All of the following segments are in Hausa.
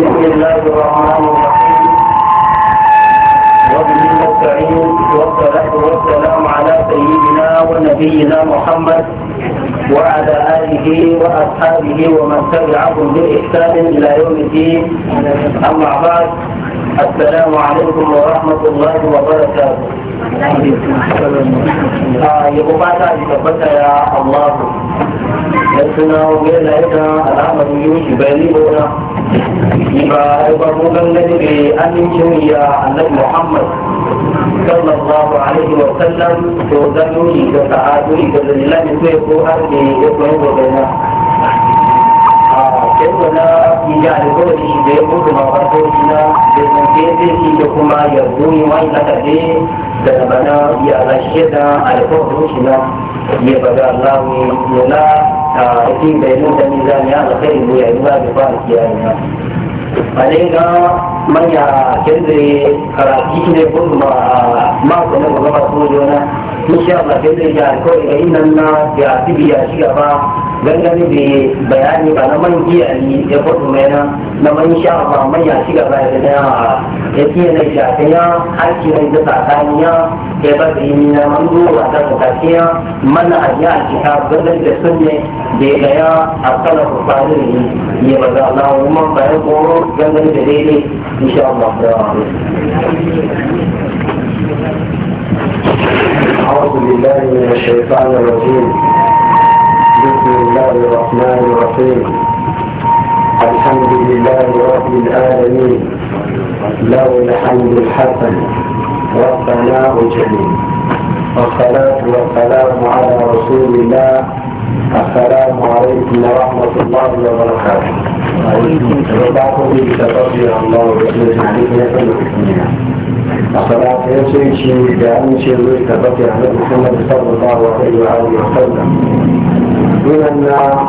بسم الله الرحمن الرحيم وبه نستعين والصلاة والسلام على سيدنا ونبينا محمد وعلى آله وأصحابه ومن تبعهم بإحسان إلى يوم الدين أما بعد السلام عليكم ورحمة الله وبركاته آه، يبقى بعد ذلك يا الله لسنا وغير لنا العمل يوشي بيني ba farko dangane da amincin ya annabi muhammad sallallahu alaihi wa sallam to zanuri da sa'aduri da dalilan da sai ko har ne ya koyi gobe na a kai wala ya da kawai shi da ya mutu ma farko shi na da sanke zai shi da kuma ya goyi wani kasade da bana ya rashe da alkawarin shi na ya bada allahu ya في بينوت ميزان يا غير بويا يبغى بفارك يا إمام عليك من يا كذري كراتيش نقول ما ما كنا بقى in sha Allah sai zai ja kawai ga innan na ya tibi ya shi gaba dangane da bayani ba na man iyayi ya faɗo mai na na man sha ba man ya shi gaba ya da ya tiye na sha ta ya aiki na da tsakani ya ya ba da yi na man duwa da tsakani ya mana a ya aiki ta dangane da sunne da ya ga ya a kala kufari ne ya ba za Allah kuma bayan koro dangane da daidai ne sha Allah da أعوذ بالله من الشيطان الرجيم بسم الله الرحمن الرحيم الحمد لله رب العالمين له الحمد الحسن والثناء الجميل والصلاة والسلام على رسول الله السلام عليكم ورحمة الله وبركاته. وبعضهم بتقضي الله وبركاته عليك يا الصلاة يسوي شيء بأن شيء يتقضي على محمد صلى الله عليه وآله وسلم. من أن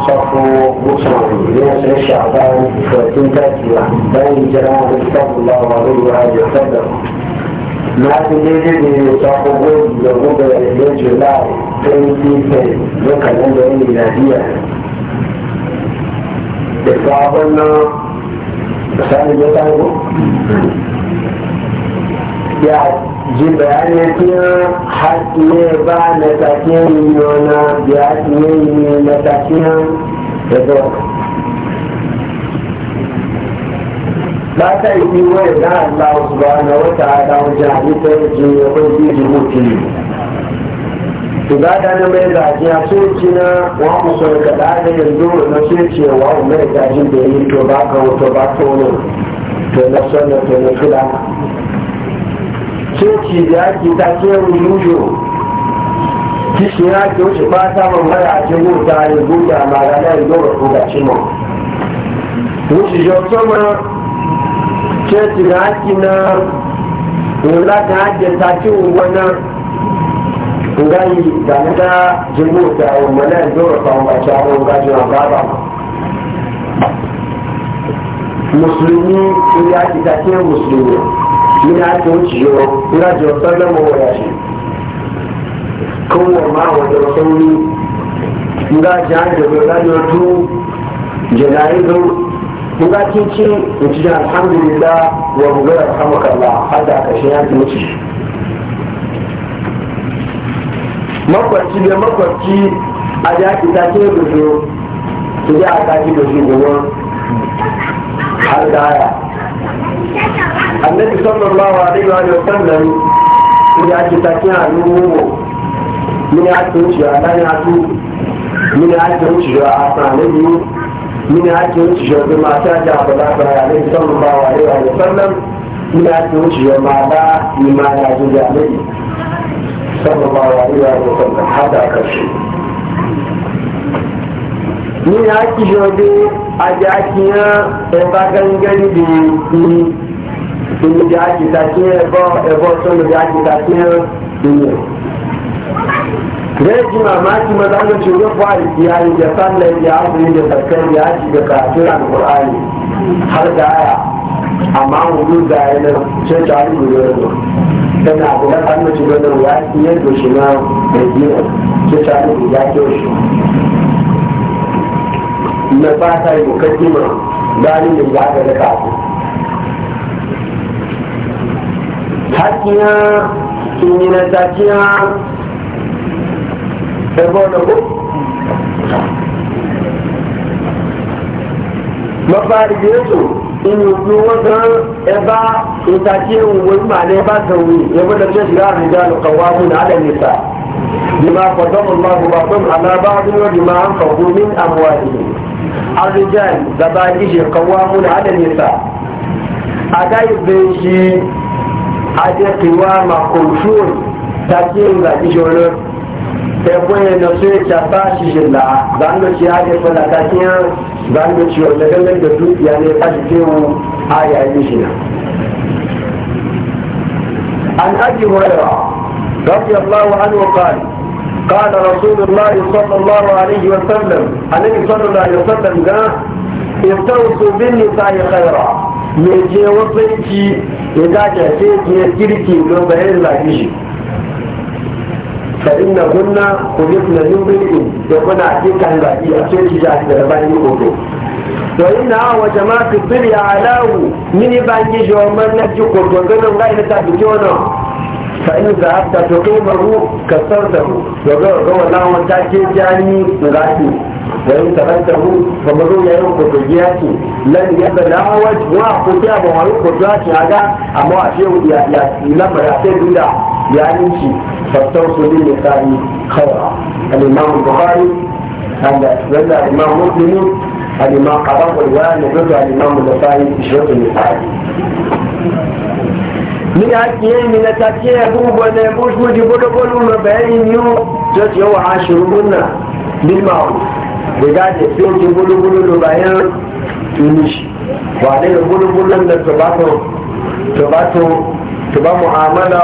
صفوا مصري ليس الشعبان وتنتهي بين جلال صلى الله عليه وآله وسلم. na fi daidai ne ta kogon da gobe da july 2010 na kalandar miladiya da sabon na misali ya tago ya ji bayanin fiye haƙiye ba na tafiye yi na ya ne na tafiye da zuwa لا تأتي وإذا الله سبحانه وتعالى وجعل تأتي وإذا جموتي Ibada na mai zaji a soci na wa musul kaɗa da yanzu na soci wa mai zaji da yi to ba ka wato ba tono to na sonna to na fila. Soci da ake ta ce yuyo kishi ya ke wuce fata man mara a cikin wuta ya guda ma ranar yau da kuda cimma. Wuce jau sama ṣẹ́ẹ̀tì a kí náà òun láti àjẹta tí òun wọ́n náà ngai da na da jirgin da wani zuwa kawo a shahararun gajin ababa musulmi sun ya ki ta ke musulmi shi na ake wuce yau ina ji wasan nan mawaya shi kowa ma wanda wasan wuri ina ji hajjar da gajiyar tu janayi ga kin ce in ci alhamdulillah wa rubar alhamdulillah har da kashe ya ki mutu makwarci da makwarci a da ki ta ce gudu ki ji a ta ki gudu gudu har da ya annabi sallallahu alaihi wa sallam ki ya ki ta ce a nuhu mini a tunciya dan ya tu mini a tunciya a sanadi من أكل شرب ما تاجع بالله عليه صلى الله عليه وسلم من أكل شرب ما لا إيمان عزيز عليه صلى الله عليه وسلم حتى كرشي من أكل شرب أجاكيا إباغنغن بي إني جاكي تاكيا إبا إبا سنو جاكي تاكيا إني zai ji mamaki maza da shugaban fari ya yi da sallar ya yi da sarkar ya ci da karatun alkur'ani har da aya amma hudu da ya nan ce ta yi gudunar tana abu na kan mace gudunar ya ci yadda shi na da biyu ta yi da ya kyau shi na ta yi ma ganin da ya ga da kafin hakkiya sun yi na takiya ɗaya ba wannan ko mafari da yato in yi wata ta ya bude a rijalu kawamu na ala sai kun yi nasu ya kyafa shi jilla za mu ci ya ke fana ta kiya za mu ci wata ganin da dukiya ne ta ji kewu a yayin shi na. an aji wayewa rafi allah wa an wakar kada rasulullah ya sallu allah wa wa sallam a nan ya sallu da ya sallam ga ya tau su bin nisa ya kaira mai je wasanci ya dace sai ya kirki don bayan lafi da inna kunna kujisna min bilkin da kuna hakikan baki a cikin jihar da rabai ni hoto to inna wa jama'a fi bil ya alahu mini bangi jo man na ji ko to ganin ga ina ta bi jona fa’in da haka ta kuma ruwa ka sarta mu da zuwa ga wannan wanda ke jani ga shi da yin ta hanta mu ba mu zuwa yayin ku na waje wa ku ta ba wani ku ta ce amma a ce ya ya lamar ya sai duda ya yi shi ba sau su ne ne ta yi kawa al’imamu buhari da wanda al’imamu mutumi al’imamu abakwai wa ne zuwa al’imamu da ta yi shi wata ne ta min haƙƙiye mi na tafiye ya gugu na ya bushu ji gudu gudu na bayani niyu ta ce wa ashirin munna min ma'u da gaje fiye ji gudu gudu na bayan tunishi ba da ya gudu gudu na tobato tobato toba mu'amala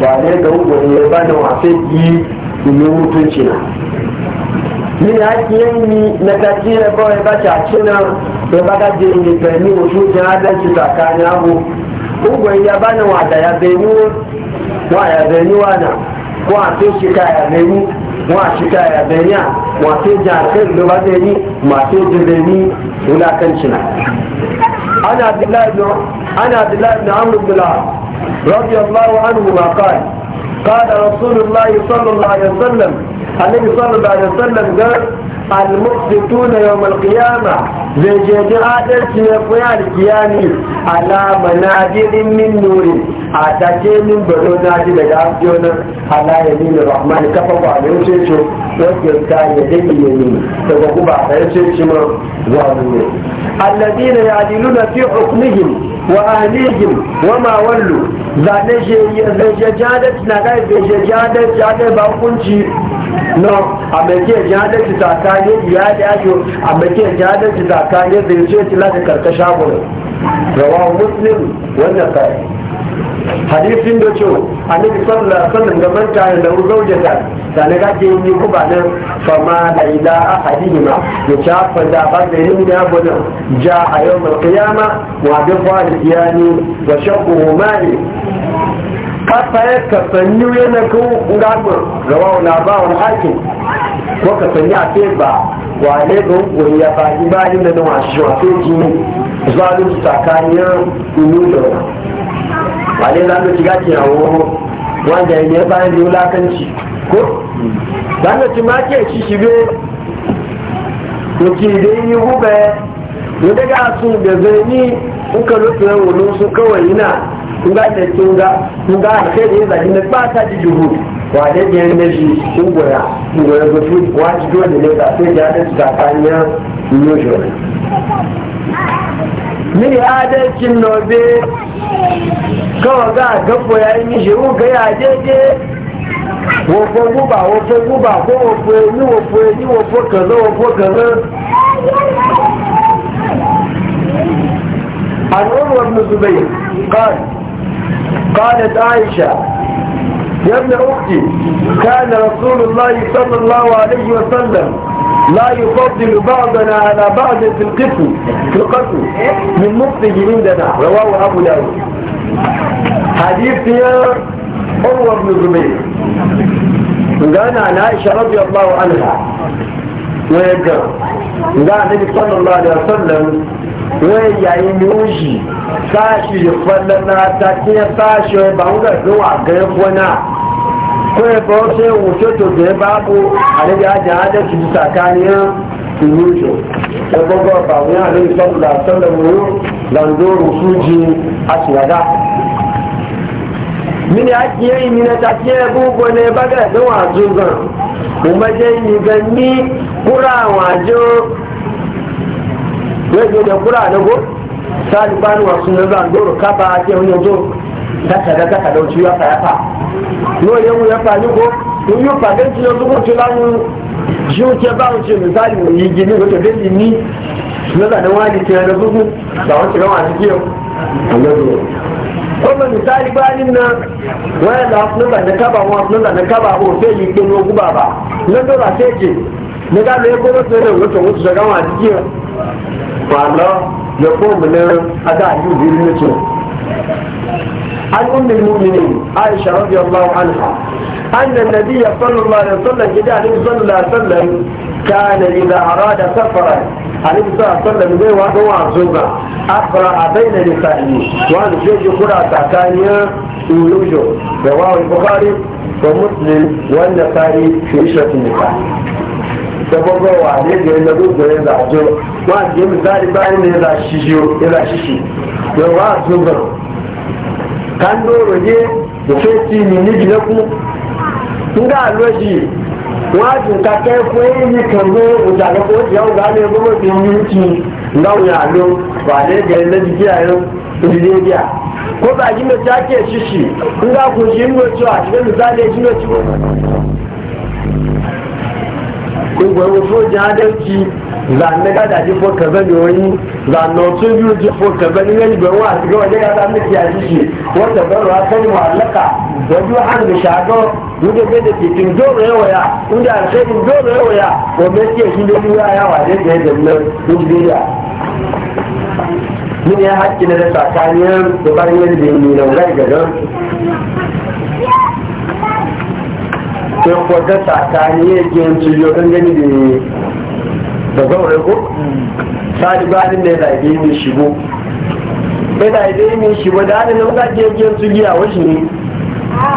ba ne ga gugu ne ba da wafe yi ilu mutunci na min haƙƙiye mi na tafiye ya kawai ba ta cina da ba ka je ne ga ni wasu jihadar ci tsakanin abu ugon ya bani wata ya zaini wa ya zaini wana wa sai shika ya zaini wa shika ya zaini wa sai jakar da ba zaini ma sai jizaini wulakancina ana abdullahi ibn ana abdullahi ibn amr ibn رضي الله عنهما قال قال رسول الله صلى الله عليه وسلم النبي صلى الله عليه المقسطون يوم القيامة زي جدي عادل سيفويا القيامي على منابر من نور أتاكي من بلونا دي لغافيونا على يمين الرحمن كفوا على يوشيشو يوكيو كان يدي يمين فبقوا بعد يوشيشو ظالمين الذين يعدلون في حكمهم وأهليهم وما ولوا zane jejejadeci na kai jejejadeci ya ɗaya ba hukunci no a mai ke jejejadeci ta ne biya da yayo a mace jadanci zakane da yace ci da karkasha gurin rawa muslim wannan kai hadisin da ce annabi sallallahu alaihi wasallam ga manta da zaujata da ne kake yi ku ba nan fa ma da ila ahadihima ya shafa da ba da yin da gona ja a yau al kiyama wa bi qiyani wa shaqu mali kasaye kasanni yana kan ngagun ba wani hakin ko kasanni a fe ba wane ga hukun ya ba ibanin da na wasu shi wafe jini zalunci tsakanin inu da wane za mu shiga ke hawo wanda ya ne bayan da wulakanci ko za mu ci ma ke ci shige ko ke dai yi hube ne daga su da zai ni kuka lokacin wulun su kawai yana kunga da kunga kunga alkhairi ya zaji na ba ta ji juhu wa da ya yi nashi sun goya sun goya ga su wa ji dole ne ba sai ya da tsakaniya yojo mini adalcin nobe kawai ga gafo ya yi mishi ga ya daidai wofo guba wofo guba ko wofo e, ni wofo e, ni wofo kaza wofo kaza عن wani بن bai قال قالت عائشة يا ابن أختي كان رسول الله صلى الله عليه وسلم لا يفضل بعضنا على بعض في القسم في القسم من مفته عندنا رواه أبو داود حديث يا أروى بن زبير وقال عن عائشة رضي الله عنها ويقول قال النبي صلى الله عليه وسلم wai yayi nushi sashi ya falla na ta kiyan sashi wai ba wuga zuwa ga gona ko ya ba sai wuce to da ya babu a da ya da da shi tsakanin nushi ko gogo ba wani da sallallahu alaihi wasallam landoro suji a tsiyada mini ake yi mini ta ce gugu ne baga da wazo kuma je yi gani kurawa jo yau da kura na go sali bani wasu na zan doro kaba ake wani zo daga daga ka dauci ya fa ya fa no yau ya fa ni go in yau fa dan tiyo zuwa to lamu shi ke ba mu ce misali mu yi gini ko to dai ni na zan dan wani ke da zuwa ba wani ga wani ke yau kuma misali banin na wani da wasu na zan da kaba wasu na zan da kaba ko sai yi kino guba ba na dora sai ke nígbà tó yẹ kó lọ́sẹ̀ náà wọ́n tọ̀wọ́ tọ̀sọ̀ káwọn àdíjì ọ̀ wà lọ yọ fóònù náà adá àdí òbí rí lẹ́tọ̀. alùpùpù mi mú mi ní aisha rọ́bì ọ̀la ọ̀hánà أن النبي صلى الله عليه وسلم جاء عليه صلى الله عليه وسلم كان إذا أراد سفرا عليه صلى الله عليه وسلم زي واحد وعزوبة أقرأ بين لسانه وأنا جيجي قرأ تاكانيا ويوجو رواه البخاري ومسلم والنسائي في عشرة النساء da gwagwarwa ne ga yadda gudu ya zazo wa ke misali bayan da ya zashi shi ya zashi shi da wa zubar kan doro ne da ke ci ni ni bi na ku kun ga alwaji wa tun ka kai ko yi ni kan go uta ga ko yau ga ne go mo tin yi ci ngau ya lo ba ne ga yadda jiya yau ji ne biya ko ba ji me take shi shi kun ga ku ji mu to a cikin misali ji ne ci gbogbo soja adalci zanne gada ji ko kaza ne wani zanne wasu biyu ji ko kaza ne wani bai wa su gawa daga zanne ki a jiki wata bar wa kai mu'allaka wajen an da shago wanda bai da titin dole yawa ya inda alkhairin dole yawa wa mai ke shi ne ruwa ya wa da ya zanne duniya mun ya hakki na da tsakaniyar da bayan yadda ya nuna wani sai kwata tsakani ya ke cikin gani da da zaure ko sani bayanin da ya zage ni shigo ya zage ni shigo da hannun nan ka ke ke cikin a wasu ne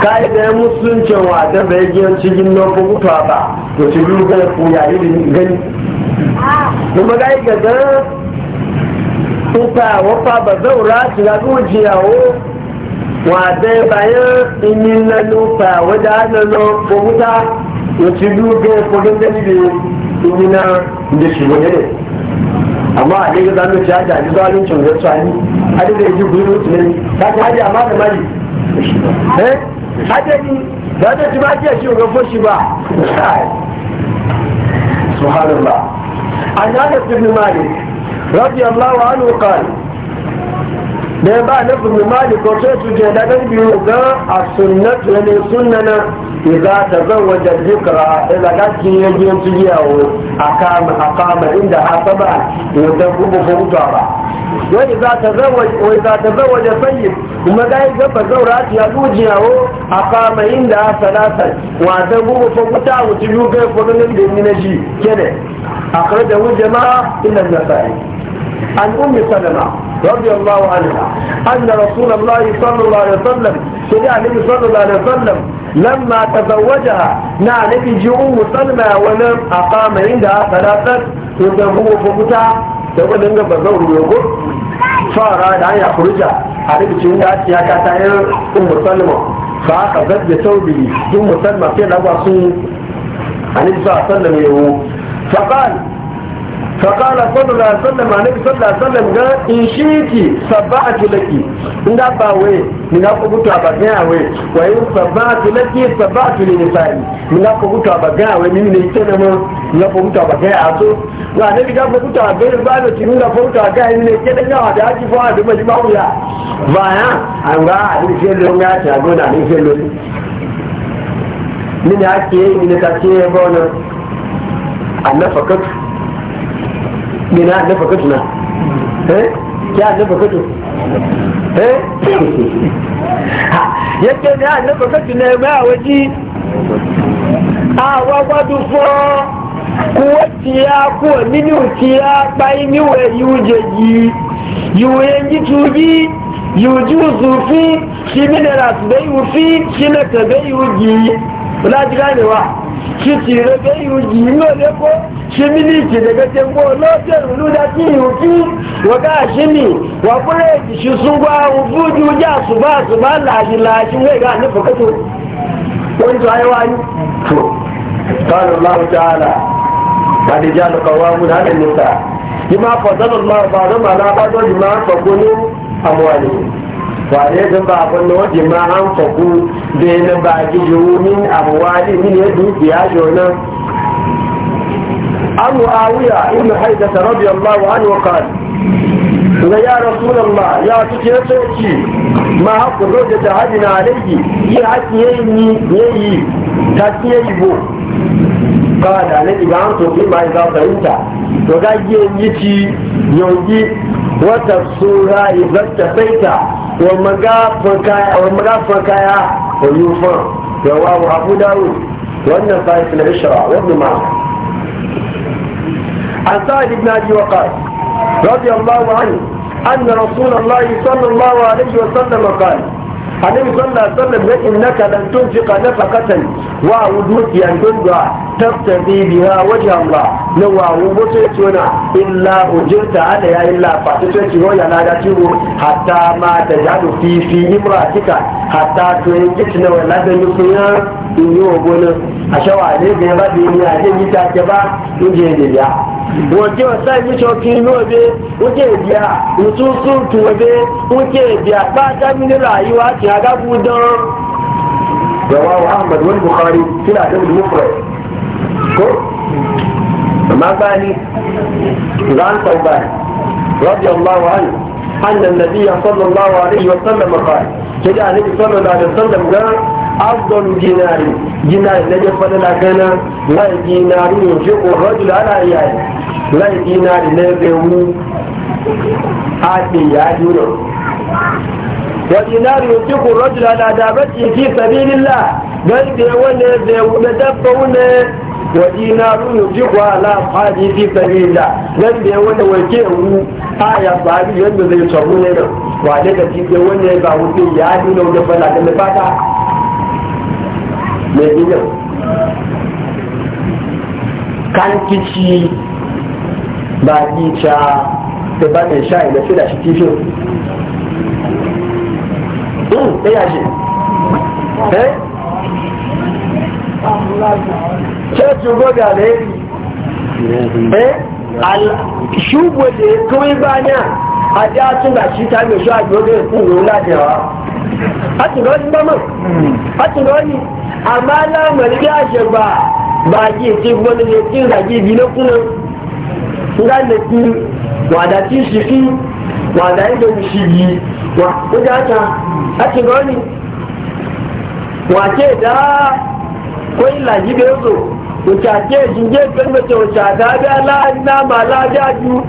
ka yi da musuluncin wata da ya ke cikin nan ko mutuwa ba to ci biyu kan kuya ne da gani kuma ga yi gaza ta wafa ba zaura su ga gujiyawo wàtẹ́ báyẹn ìní lẹ́nu fà wẹ́dà lẹ́nu fòwúta òtìlú gé fòdóńdé níbi ìní náà ìdè ṣùgbọ́n nílẹ̀. àmọ́ àdéhùn bá ló ti àjà àdúgbò alóòtú rẹ̀ tó ayé adéhùn èjì gbé ló ti lẹ́yìn láti ajé àmàlùmáyì. ẹ adéhùn gbàdé tí bá jẹ́ sí òkè fóṣìbà sùhánùmá. àná àdéhùn ti fi máa yẹ rọ́bì ọ̀lá wa á lò da ba na bin mali ko sai su je daga biyu ga a sunnatu ne sunnana idza tazawwaja dhikra idza gaji ya je su yawo akama akama inda hasaba wanda bubu buta ba wai idza tazawwaja wai idza tazawwaja sayyid kuma ga ga ba zaura ya luji yawo akama inda salatan wanda bubu buta wuti ga ko nan da ni na ji kene akhrajahu jama'a ila an-nasa'i عن أم سلمة رضي الله عنها أن رسول الله صلى الله عليه وسلم سمع النبي صلى الله عليه وسلم لما تزوجها نا نبي جؤوم سلمى ولم أقام عندها ثلاثة وذنبه فمتع يقول لنا بزور يقول فأراد أن يخرج عليه بشيء أتي أكتاير أم سلمة فأخذت بثوبه أم سلمة في الأبوة النبي صلى الله عليه وسلم يقول فقال فقال صلى الله عليه وسلم النبي صلى الله عليه وسلم قال إن شئت سبعت لك إنك باوي من أبو بكر أبغاوي وإن سبعت لك سبعت لنسائي من أبو بكر أبغاوي من نيتنا من أبو بكر أبغاوي na ne ga ba kuta ga ba da kin da fauta ga yin ne ke da yawa da haji fa da mai ba wuya ba ya an ga a ni sai lo ga ta go da ni sai lo ni ne ake ni ne ta ce ba wannan annafa kaka mina na fakatu na eh kya na fakatu eh yake na na fakatu na ma waji a wa gwadu fo kuwa tiya kuwa mini tiya bai ni we yuje yi yuye ngi tubi yuju zufi shi minerals bai ufi shi na tabe yuji wala jira ne wa shi tire bai yuji ne ko shimiliki daga tembo lọ́tẹ̀ lúdá tí ìhùkí wọ́gá ṣíní wọ́pẹ́rẹ́ ìṣì súnwá ogójì ojá ṣùgbá ṣùgbá làṣì làṣì wẹ́gá ní fọ́kẹ́tò wọ́n tó ayé wáyé tó sọ́nà láwùjọ tààlà àdìjá lọ́kọ̀ wá mú náà nínú ta yìí máa fọ̀ sọ́nà láwùjọ bàdó màá lábájọ́ yìí máa fọ̀kú ní àmúwàlì wane zan ba abin na wani ma an faku da yana ba gijiyomin abuwa ne ne dukiya shi عن معاوية ابن حيدة رضي الله عنه وقال يا رسول الله يا تكيسوكي ما حق الرجة عدنا عليه يحكي يني يي تحكي يبو قال عليك بأن فيما إذا فإنت وقال ينيتي ينجي وتفسورا إذا اتفيت ومغافر كايا ويوفر رواه أبو داود وأن في العشرة وابن ماجه عن سعد بن أبي وقاص رضي الله عنه أن رسول الله صلى الله عليه وسلم قال annabi sallallahu alaihi wasallam ya innaka lan tunfiqa nafaqatan wa wuduki an tunga tabtadi biha wajha Allah na wa wudu yace wana illa ujirta ala ya illa fa to yace wa da ciwo hatta ma ta jadu fi fi imratika hatta to na wala da nufiya in yi wa gona a shawa ne ga ba da ni a je ni ta ke ba in je ne ya wote wasai micho kinu obe wote biya mutusu tuwe wote biya ba ta mini rayuwa ya ga budan jawawa ahmad wani bukari suna ta da mufrai ko amma bani za an sau bani rabi allah wa hannu hannun nabiya sallallahu wa sallam a kai ke da alaihi sallallahu alaihi wa sallam ga afdalu jinari jinari na je fada da gana lai jinari ne ke ko rajul ala iyaye lai jinari na zai mu haɗe ya juna والدينار ينفق الرجل على دابته في سبيل الله بل بيونا زيونا دبونا ودينار ينفق على أصحابه في سبيل الله بل بيونا وكيه آية صحابي ينفق زي هنا وعليك في بيونا يبعوثي يعادونا ودفنا كما فاتا مدينة كان كيشي باقي شا تبقى شاي نفيدا شكيشو ṣe yà ṣe a ṣẹ́ẹ̀tì ogójì àlẹ́rí ẹ́ ṣùgbọ́n lè tó ibá da adé àtúndà sí tàbí òṣọ́ àgbógbé ìkúrò láti ọ̀rọ̀ àtúndọ́ ní mọ́mọ́ àtúndọ́ ní àmà aláàmọ̀lẹ́ bí àṣẹgbà bàájì tí gbọ́n lè tí ìrìnàjì ìbí lókùnrin ńlá lè fi wàdà tí ìṣìfí wàdà ìdòwìṣì yìí wa kuka haka ake gani wace da kwai laji da yanzu wace ake jinje kan mace wace a ta da la'adina ma la'adaju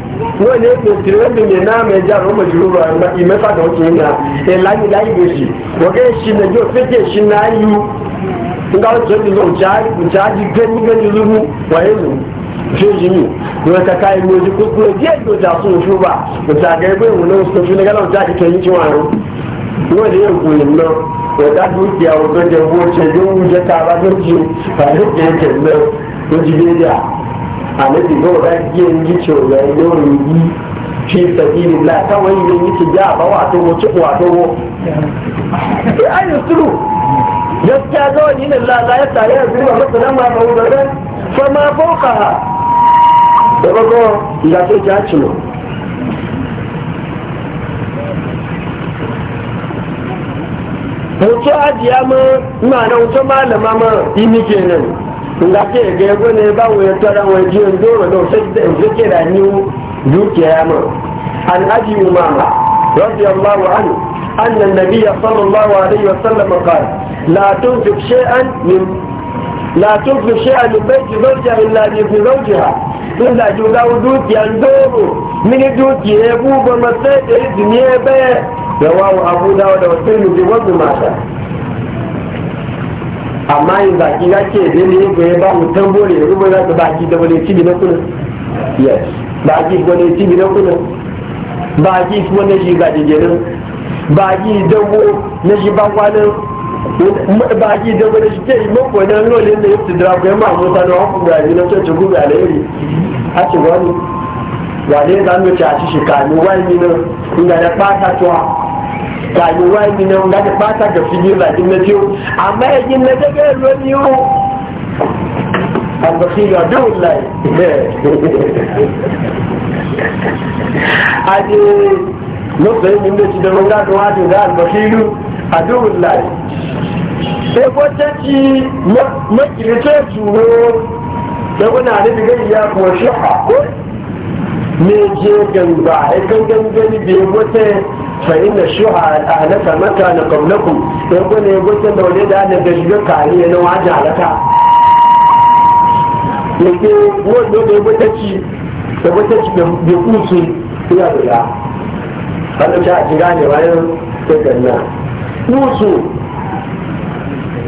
wani ne tirewa da ne na mai jaro ma jiro ba na imefa da wace yana yi lani layi da shi wage shi na jo fete shi na yi nga wace da zo wuce aji gani gani zuru wa yanzu ṣéjì mi wọ́n kaka ìlú ojú kúkú ojú èdè ọjà fún oṣù bá ọjà àgẹ́gbẹ́ ìwọ̀n náà sọ fún nígbàlá ọjà àkíkẹ́ yìí ta wọ́n rún wọ́n lè kú ìlú náà ọ̀dà dúkìá ọ̀dọ́ jẹ owó ṣe ló ń jẹ ká bá lójú àlejò ẹ̀kẹ́ náà lójú lédè àlejò náà ọ̀dà jí ẹni tí ọ̀dà ilé òun yí fi sẹ̀kìrì láì káwọn ilé yìí ti já àbáwọ̀ àtọwọ́ tí kò àtọwọ́. ayọ̀ sùrù gaskiya ni ne lalata ya zuwa masu nan ma fa'udarai fama fauka ẹgbẹ́gbọ́ ìdàkejì àtìmọ̀ hoto ajiya ma na da hoto malama ma yi nike nan nga ke ga yabo ne ba wa yato ran wa jiyo da sai da zake da ni ma an aji umama radiyallahu anhu anna an-nabiy sallallahu alaihi wasallam qala la tunfiq shay'an min la tufi shi'a min baiti zawjiha illa bi zawjiha in da ji ga dukiyan doro mini dukiye bu ba masai da izini be rawahu abu dawud da tirmidhi wa ibn majah amma in ba ki ga ke da ne ga ba mu tambore rubu da ba ki da wani cibi na kuna ba na ba shi ba dawo na shi ba baki da wani shi ke yi mako na lolin da ya dira ko yamma musa na wakon gari na cocin gube alayyari a ce wani wane za mu a ci shi kanu wani na inda na fata tuwa kanu wani na inda na fata ga fili ba din na ciwo amma ya gina ne yau albakila duk lai a ce lokacin da ci da wani gaggawa ce da albakilu a duk lai sai shekwatacci makirce juro da wani alibi gani ya kuwa shi haƙo ne je ganga a kan gangani bai wata fa'in da shi a halatta mata na kwamnaku ya gwane ya gwata da wani da hannun da shiga kariya na wajen halatta ya ke wanda bai ci da wata ci bai kusur ya da ya hannun ta a jira ne bayan ta ganna kusu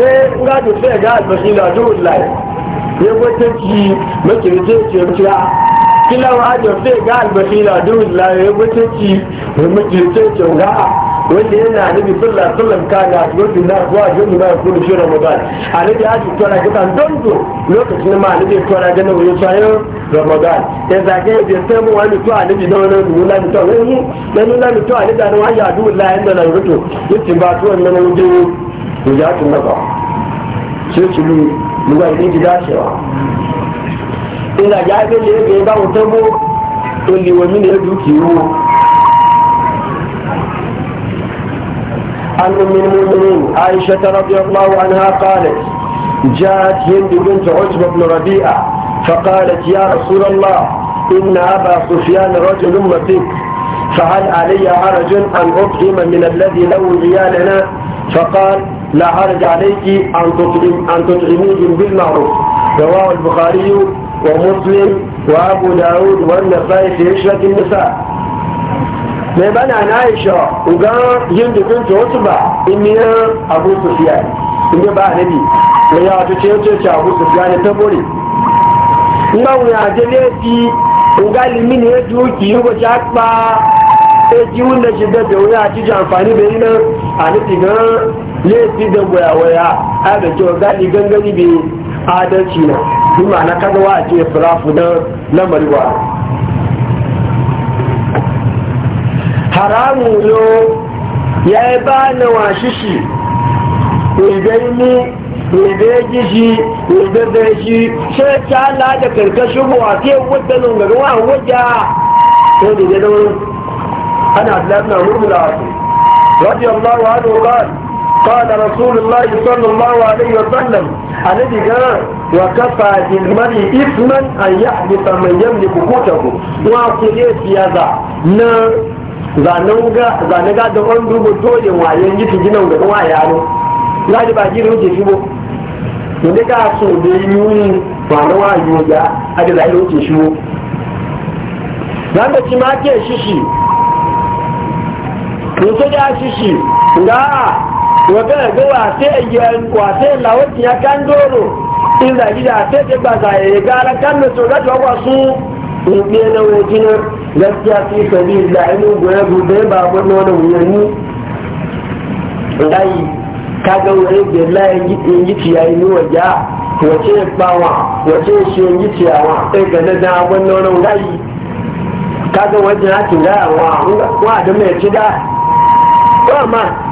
eh nga da sai ga albashi da ya ki ce kila wa da sai ga albashi da ya ki ce ga wanda yana nabi sallallahu alaihi wasallam kana yau zuwa ku da ramadan aji ga dondo lokacin ma ga nan yau sai ramadan ya zage sai mu wani to da to wani nan nan to da ya yace ba to وجهات النظر شو تلو لغا يدين جداشة إذا جاء بل يجي يبا وتبو اللي ومن يدو كيو عن أم المؤمنين عائشة رضي الله عنها قالت جاءت هند بنت عتبة بن ربيعة فقالت يا رسول الله إن أبا سفيان رجل متك فهل علي حرج أن أطعم من الذي له عيالنا فقال لا حرج عليك أن تطعم أن تطعميهم بالمعروف رواه البخاري ومسلم وأبو داود والنسائي في عشرة النساء mai bana na aisha uga yin dukkan ta wasu ba in ya abu sufiya in ba nabi da ya wato ce wato ce abu sufiya ne ta bore in ba wuya je ne fi uga limi ne duki yi wace akpa ji wunda shi da da wuya amfani da yi nan a nufi gan laifi da waya-waya a da kyau zaɗi gangani bai adalci na yi ma'ana kaga wa a ce firafu don lamari ba. haramu yo ya yi ba na shi shishi rigai ni rigai gishi rigai da shi sai ta lada da karkashin wa ke wadda nan gaga wa wadda ko da ya dauro ana tilafi na murmula wasu radiyallahu anhu qala قال رسول الله صلى الله عليه وسلم الذي قال وكفى بالمرء إثما أن يحدث من يملك قوته وأصليت يا ذا zanen ga da wani dole wayan yi tijina da kuma yaro za ba jiri wuce shi bo wanda ka so da yi yuni ba na wa yi ya a da zai wuce shi bo za ka ci ma ke shishi in so da shishi nga. wọ́gá ẹ̀gbẹ́ wà sí ẹ̀yẹ wà sí ìlàwọ́ tìyà kándóró ìlà yìí ga sí kan gbàgbà ẹ̀yẹ̀gá ara kámẹ́tò láti ọkọ̀ sún ìgbé ẹ̀nà wò jìnnà gaskiya fi sabi da ainihin goye gobe ba wani wani wuyanni layi kaga wani da layi yi ciyayi ni e e wajen wace bawa e wace shi yi ciyawa sai ga na wani wani layi kaga wajen hakin gayawa wa da mai ci da ba ma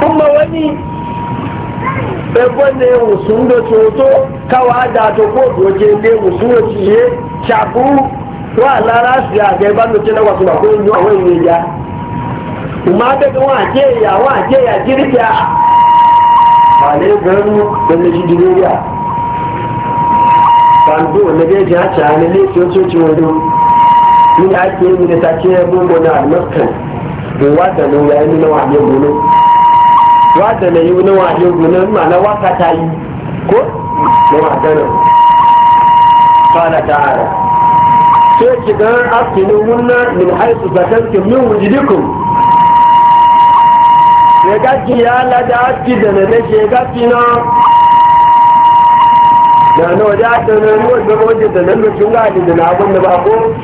kuma wani ẹgbẹ́ ní ìwòsàn ló tó kawa káwọn àdáàtò kó òjò ilé ìwòsàn ló ti yé ṣàkúrú na lára sí àgbẹ̀ bá ló ti náwó àtúnwà kó ní àwọn ènìyàn ya ìmọ̀ abẹ́gbẹ́ wọn ya èyà wọn àti èyà jíríkà àlẹ́ gan-an pẹ̀lú jíjí lórí à kàǹdó lẹ́gẹ́jì àti àmì lẹ́sí ó tó ti wọn wa da na yi wani wajen gunan ma'ana waka ta yi ko na wadanan fara ta'ala sai ki ga askinin wunna min haisu zakankin min wujidikum ya gaji ya lada aski da na na ke gaji na da na wajen adana ruwan da wajen da nan da cin gadi da na abin da ba ko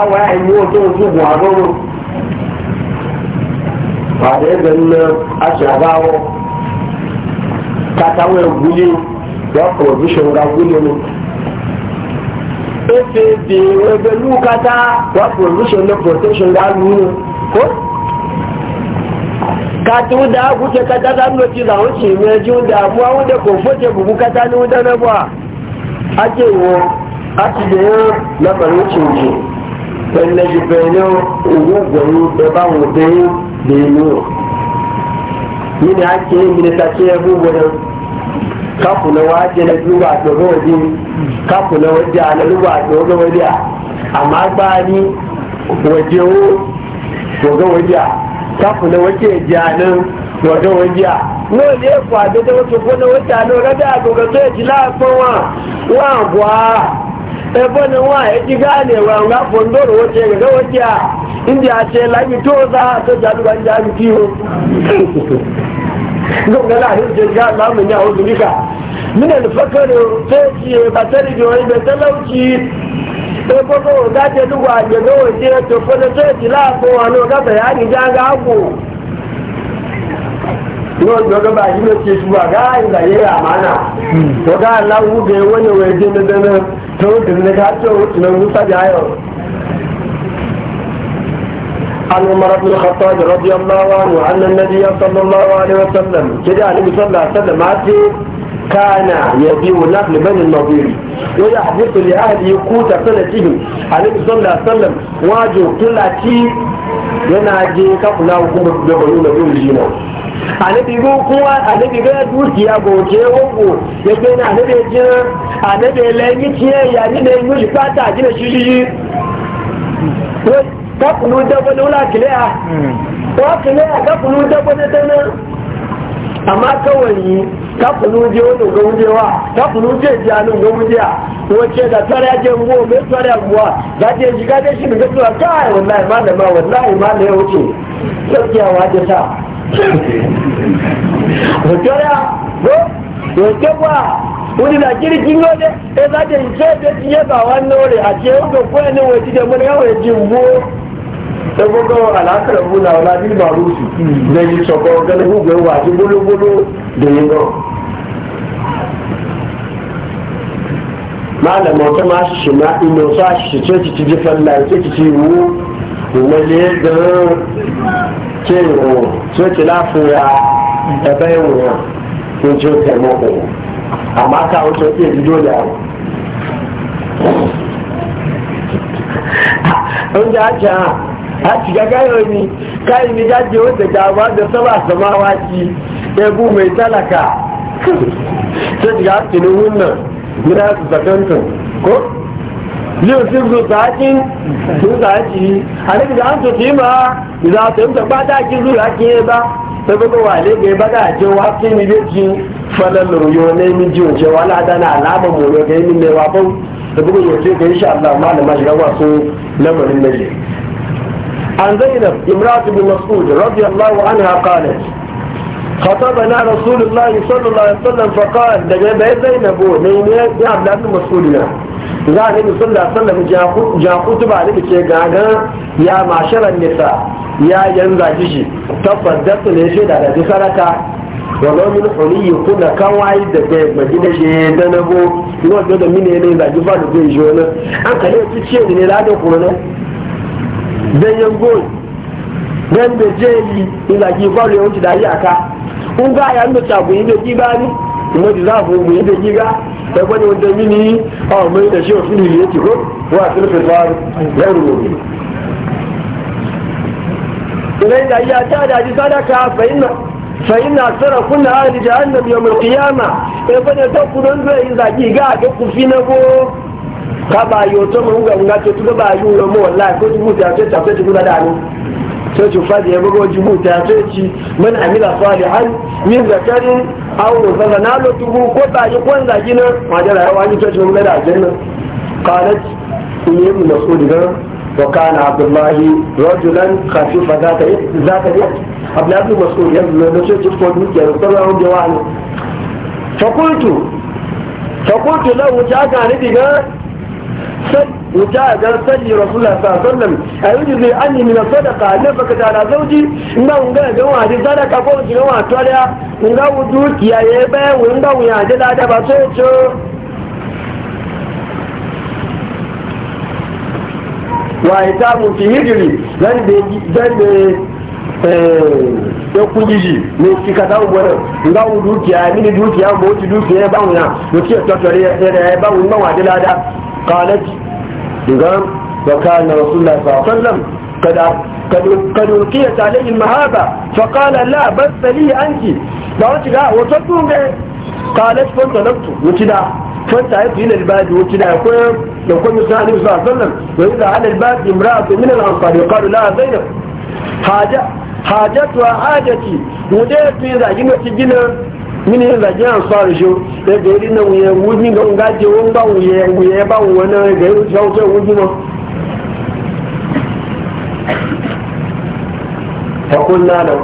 awa ya yi wato su buwa gwamnati ààrẹ ẹgbẹ̀rún náà aṣàbáwọ̀ kàtàwọn ẹ̀gúlé wọ́n provision ga gúlé mu efe di ẹgbẹ̀rún kàtà wọ́n provision na protection ga lù ú kó kàtà ó dáa gúte kàtà sánú ti làwọn sì ń ẹjú ń dáa mú àwọn dẹkọ̀ fọ́tẹ̀ bùkún kàtà ní wọ́n dáná bọ́ à á jẹ́ ìwọ̀n á ti dẹ̀ ẹ́ lọ́mọ̀rún ṣèǹjì pẹ̀lẹ́ òwú gbẹ̀yìn ẹ̀ bá wọn bẹ̀yìn. lemu mini ake yi mini sake yabu gudun kafu na waje na duba a tsoron kafu na waje na duba a tsoron waje amma ba ni waje wo tsoron waje kafu na waje janin tsoron waje ní òní èkó àgbẹ̀dẹ̀ wọ́n tó fún ní wọ́n tà ní ọ̀rẹ́dẹ̀ àgbẹ̀gbẹ̀ tó èjìlá àpọ̀ wọn ebonin wa ya ji ganewa nga fondoro wace ga wace a inda a ce lami to za a ta jami ban jami kiwo gom ga lahi ce ga lamun ya hudu nika min alfakar sai ce ba ta rige wani mai talauci ebogo ko ce duk a ga ga wace to fana sai ci la ko wano ga bayani ja ga ko yóò jọ gaba yìí ló ti ṣubú àgáyé ìgbà yẹn àmàna ọgá aláwùú bẹ wọn ni wọn ti dandan náà tó tẹ̀lé ká tó tẹ̀lé musa عن عمر بن الخطاب رضي الله عنه أن النبي صلى الله عليه وسلم كده عليه صلى الله عليه وسلم كان يبيع نقل بني النظير ويحدث لاهل قوت سنته عليه صلى الله عليه وسلم واجه كل أتي يناجي كفنا وكم بغيون بيوم الجنة anabi go kuwa anabi ga dukiya go je wogo ya ke na anabi je anabi le ni tie ya ni le ni pata ji le shiji ka kunu da bana wala kilea wa kilea ka kunu da bana dana amma kawai ka kunu je wani ga wujewa ka kunu je ji anu ga wujewa wace da tsara je ngo me tsara buwa ga je shiga da shi ga tsara kai wallahi malama wallahi malama wuce gaskiya ta òtọ́lá a òdìlà kíríkí lóde ẹgbàjẹ ìṣẹ́ẹ̀tẹ́ ti yẹ́ bà wọn lórí àti ẹgbẹ́ fún ẹni wọ́n ti dẹ̀mọ́ níwọ̀n èjì wó ẹgbọ́gbọ́ àlàáfẹ́ fún àwọn ọlá bí màrúùsù lẹ́yìn sọ̀kọ̀ ọ̀gẹ́lẹ́ gbogbo ẹwà àti gbólógbóló dèyìn náà máa ma ti ti ti ti ìmọ̀lẹ́ gan-an kí ìwọ̀n tí ó ti láfura ẹ̀bẹ́ ìwọ̀n tí ó jẹ́ tẹ̀mọ́ kò àmọ́ ká ó sọ pé èdè dóòlà o. oúnjẹ àjà àti gàgà yóò ní káyìí ní jáde ni, tẹ̀jà àwọn àjọ sọ́wọ́ àsọmọ́ wa ti ẹbú mi tálàkà tó ti gà á tẹ̀lé wúnà ní láti sàkẹ́ńtò zai fi su sakin su saki a da an yi ba ta ki zuwa ki ba ta buga wale ga da na زينب امرأة بن مسعود رضي الله عنها قالت خطبنا رسول الله صلى الله عليه وسلم فقال ده زينب نيمية يا بن مسعود za a nabi sallah sallam ja kutuba nabi ce gaga ya masharan nisa ya yanza jishi tabbas dasu ne shi da da saraka walau min uliyi kuna kawai da bai da shi da na go ina da mine ne da da zai shi wani an kare su ce ne da da kuma ne dan yango dan da yi ina jifa da yawanci da yi aka kun ga ya nuna tabu yi da gibani kuma da za ku yi da da gwani wanda mini a mai da shi wasu ne yake ko wa a sulfin tsari ya rubo da ya ta da ji sadaka fa inna fa inna sara kunna ahli jahannam yawm al-qiyama e eh, bane ta ku don zai yi zaki ga ga ku fi na go ka ba yo to mun ga mun ga to ba yi mun mu wallahi ko ku ta ta ta ku da da sai ci fadi ya bugo jibu ta sai ci man amila salihan min zakarin aw zalla na lo tubu ko ta ji kon zagi na ma da rawa ni to mun da aljanna qalat ibn mas'ud ga wa kana abdullahi rajulan khafifa zaka zaka ya abdullahi mas'ud ya zo sai ci ko dukiya sai rawu jawani fa qultu fa qultu lahu ta ga ni diga وجاء قال صلي رسول الله صلى الله عليه وسلم أيجزي عني من الصدقة نفقت على زوجي إنه قال جوا هذه صدقة فوق جوا تولي إنه ودوك يا يبا وإنه يعجل هذا بسوتو وإتام في هجري ذنب ذنب ya kuji ji ne ki ka dawo gwanin nga wu dukiya mini dukiya mo ti dukiya ba wuna mo ti ya tattare ya ba wuna wa dilada qalat دقام وكان رسول الله صلى الله عليه وسلم قد قد قد القيت عليه المهابه فقال لا بس لي انت دعوت جاء وتطلب قالت فانطلقت فانت فانتهيت الى الباب وكذا يقول لو كنت صلى الله عليه وسلم واذا على الباب امراه من الانصار يقال لها زينب حاجه حاجتها حاجتي وديت اذا جنت جنا mini yin zage a fara shi da ga yi na wuye wuji ga ngaje wun ba wuye wuye ba wani ga yi shauke wuji ma fa kunna da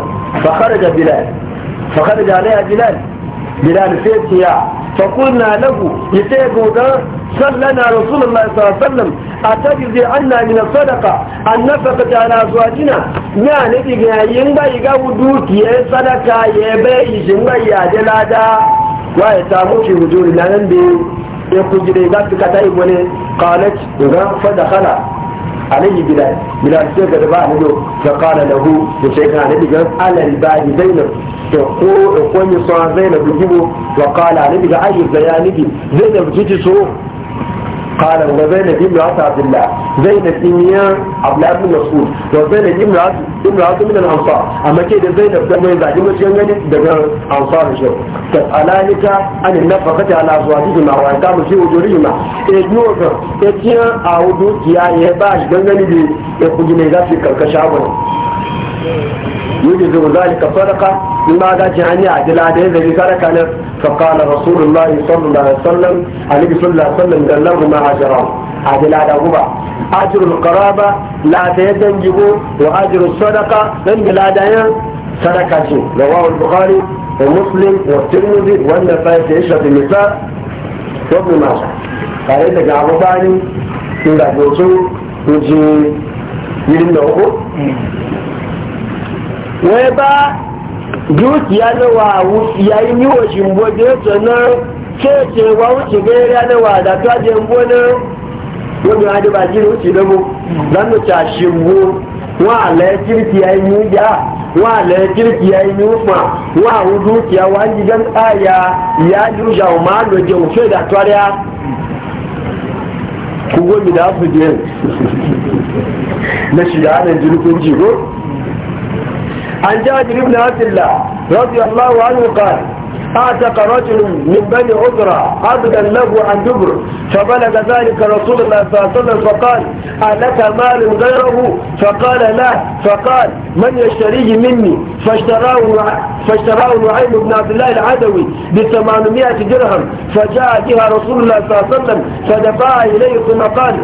fa kharaja bilal fa kharaja alaiha bilal bilal sai tiya fa qulna lahu yace goga sallana rasulullahi sallallahu alaihi wasallam atajzi anna min sadaqa an nafaqa ala azwajina ya ne diga yin ba yiga wudu ya sadaka ya be ijin ba ya de lada wa ya samu shi wudu nan da ya kujire ga suka tai bone qalat ga fa dakhala عليه بلال بلال سيد رباء نجو فقال له وشيخنا نبي قال على الباقي زينب يقول يقول صار زينب يجيبه وقال نبي أي زيانبي زينب تجي قال وزينب امرأة عبد الله زينب إنيا عبد الله بن مسعود وزينب ابن امرأة من الانصار اما كده زينب ده وين بعد ما جنجل ده انصار شو فذلك ان النفقة على أزواجهما وأنتم في وجوههما إجنوك إتيا أو دوكيا يباش جنجل دي يخرج من في كركشابه يجز ذلك صدقة مما قال جهني عدل عليه ذلك كان فقال رسول الله صلى الله عليه وسلم النبي صلى الله عليه وسلم قال لهما أجران عدل على هما أجر القرابة لا تيتنجب وأجر الصدقة من لا دين صدقة رواه البخاري ومسلم والترمذي والنسائي في عشرة النساء وابن ماجه قال لك أبو باني إن أبو يجي يلنا wai ba dukiya na wa yayi ni wa jimbo da yato na kece wa wuce gaira na wa da ta jimbo na wani hadi ba jini wuce da mu zan mu ta shimbo wa alaye kirki yayi ni ya wa alaye kirki yayi ni ma wa hu dukiya wa an gidan aya ya juja wa ma lo je wuce da toriya ku gomi da su je na shi da jirgin jigo عن جابر بن عبد الله رضي الله عنه قال اعتق رجل من بني عذرة عبدا له عن جبر فبلغ ذلك رسول الله صلى الله عليه وسلم فقال ألك مال غيره فقال لا فقال من يشتريه مني فاشتراه فاشتراه نعيم بن عبد الله العدوي ب 800 درهم فجاء بها رسول الله صلى الله عليه وسلم فدفعها إليه ثم قال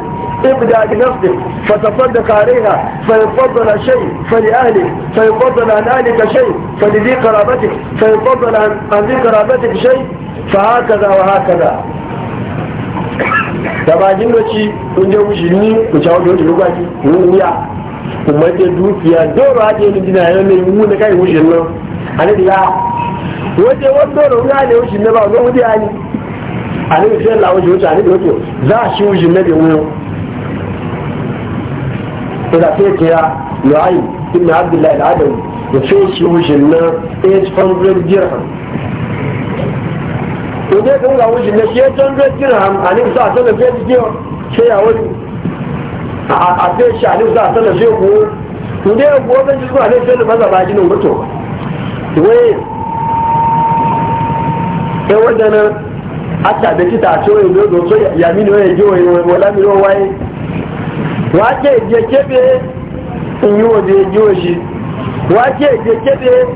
ابدأ بنفسك فتصدق عليها فإن فضل شيء فلأهلك فإن فضل عن أهلك شيء فلذي قرابتك فإن فضل عن ذي قرابتك شيء فهكذا وهكذا taba jin lokaci wuce ni ku cawo da wuce lokaci wuya kuma ke dukiya dole hake ni dina yana ne da kai wuce nan anabi ya waje wanda ro ga ne wuce ne ba ga wuce ani anabi sai Allah wuce wuce anabi wuce za shi wuce ne bi wuce ila sai ke ya yu'ayi ibn abdullah al da sai shi wuce na 800 dirham to dai kun ga wuce ne 800 dirham anabi sa ta da sai diyo sai ya wuce a sai shi anabi sa ta da sai ko ne ko ban ji zuwa ne sai maza ba jinin mutuwa wee ewedana atabekita acho ebe oge oto yamini oye je oye oye olamiri Wa wake eje kebe nyi wa shi? Wa wake eje kebe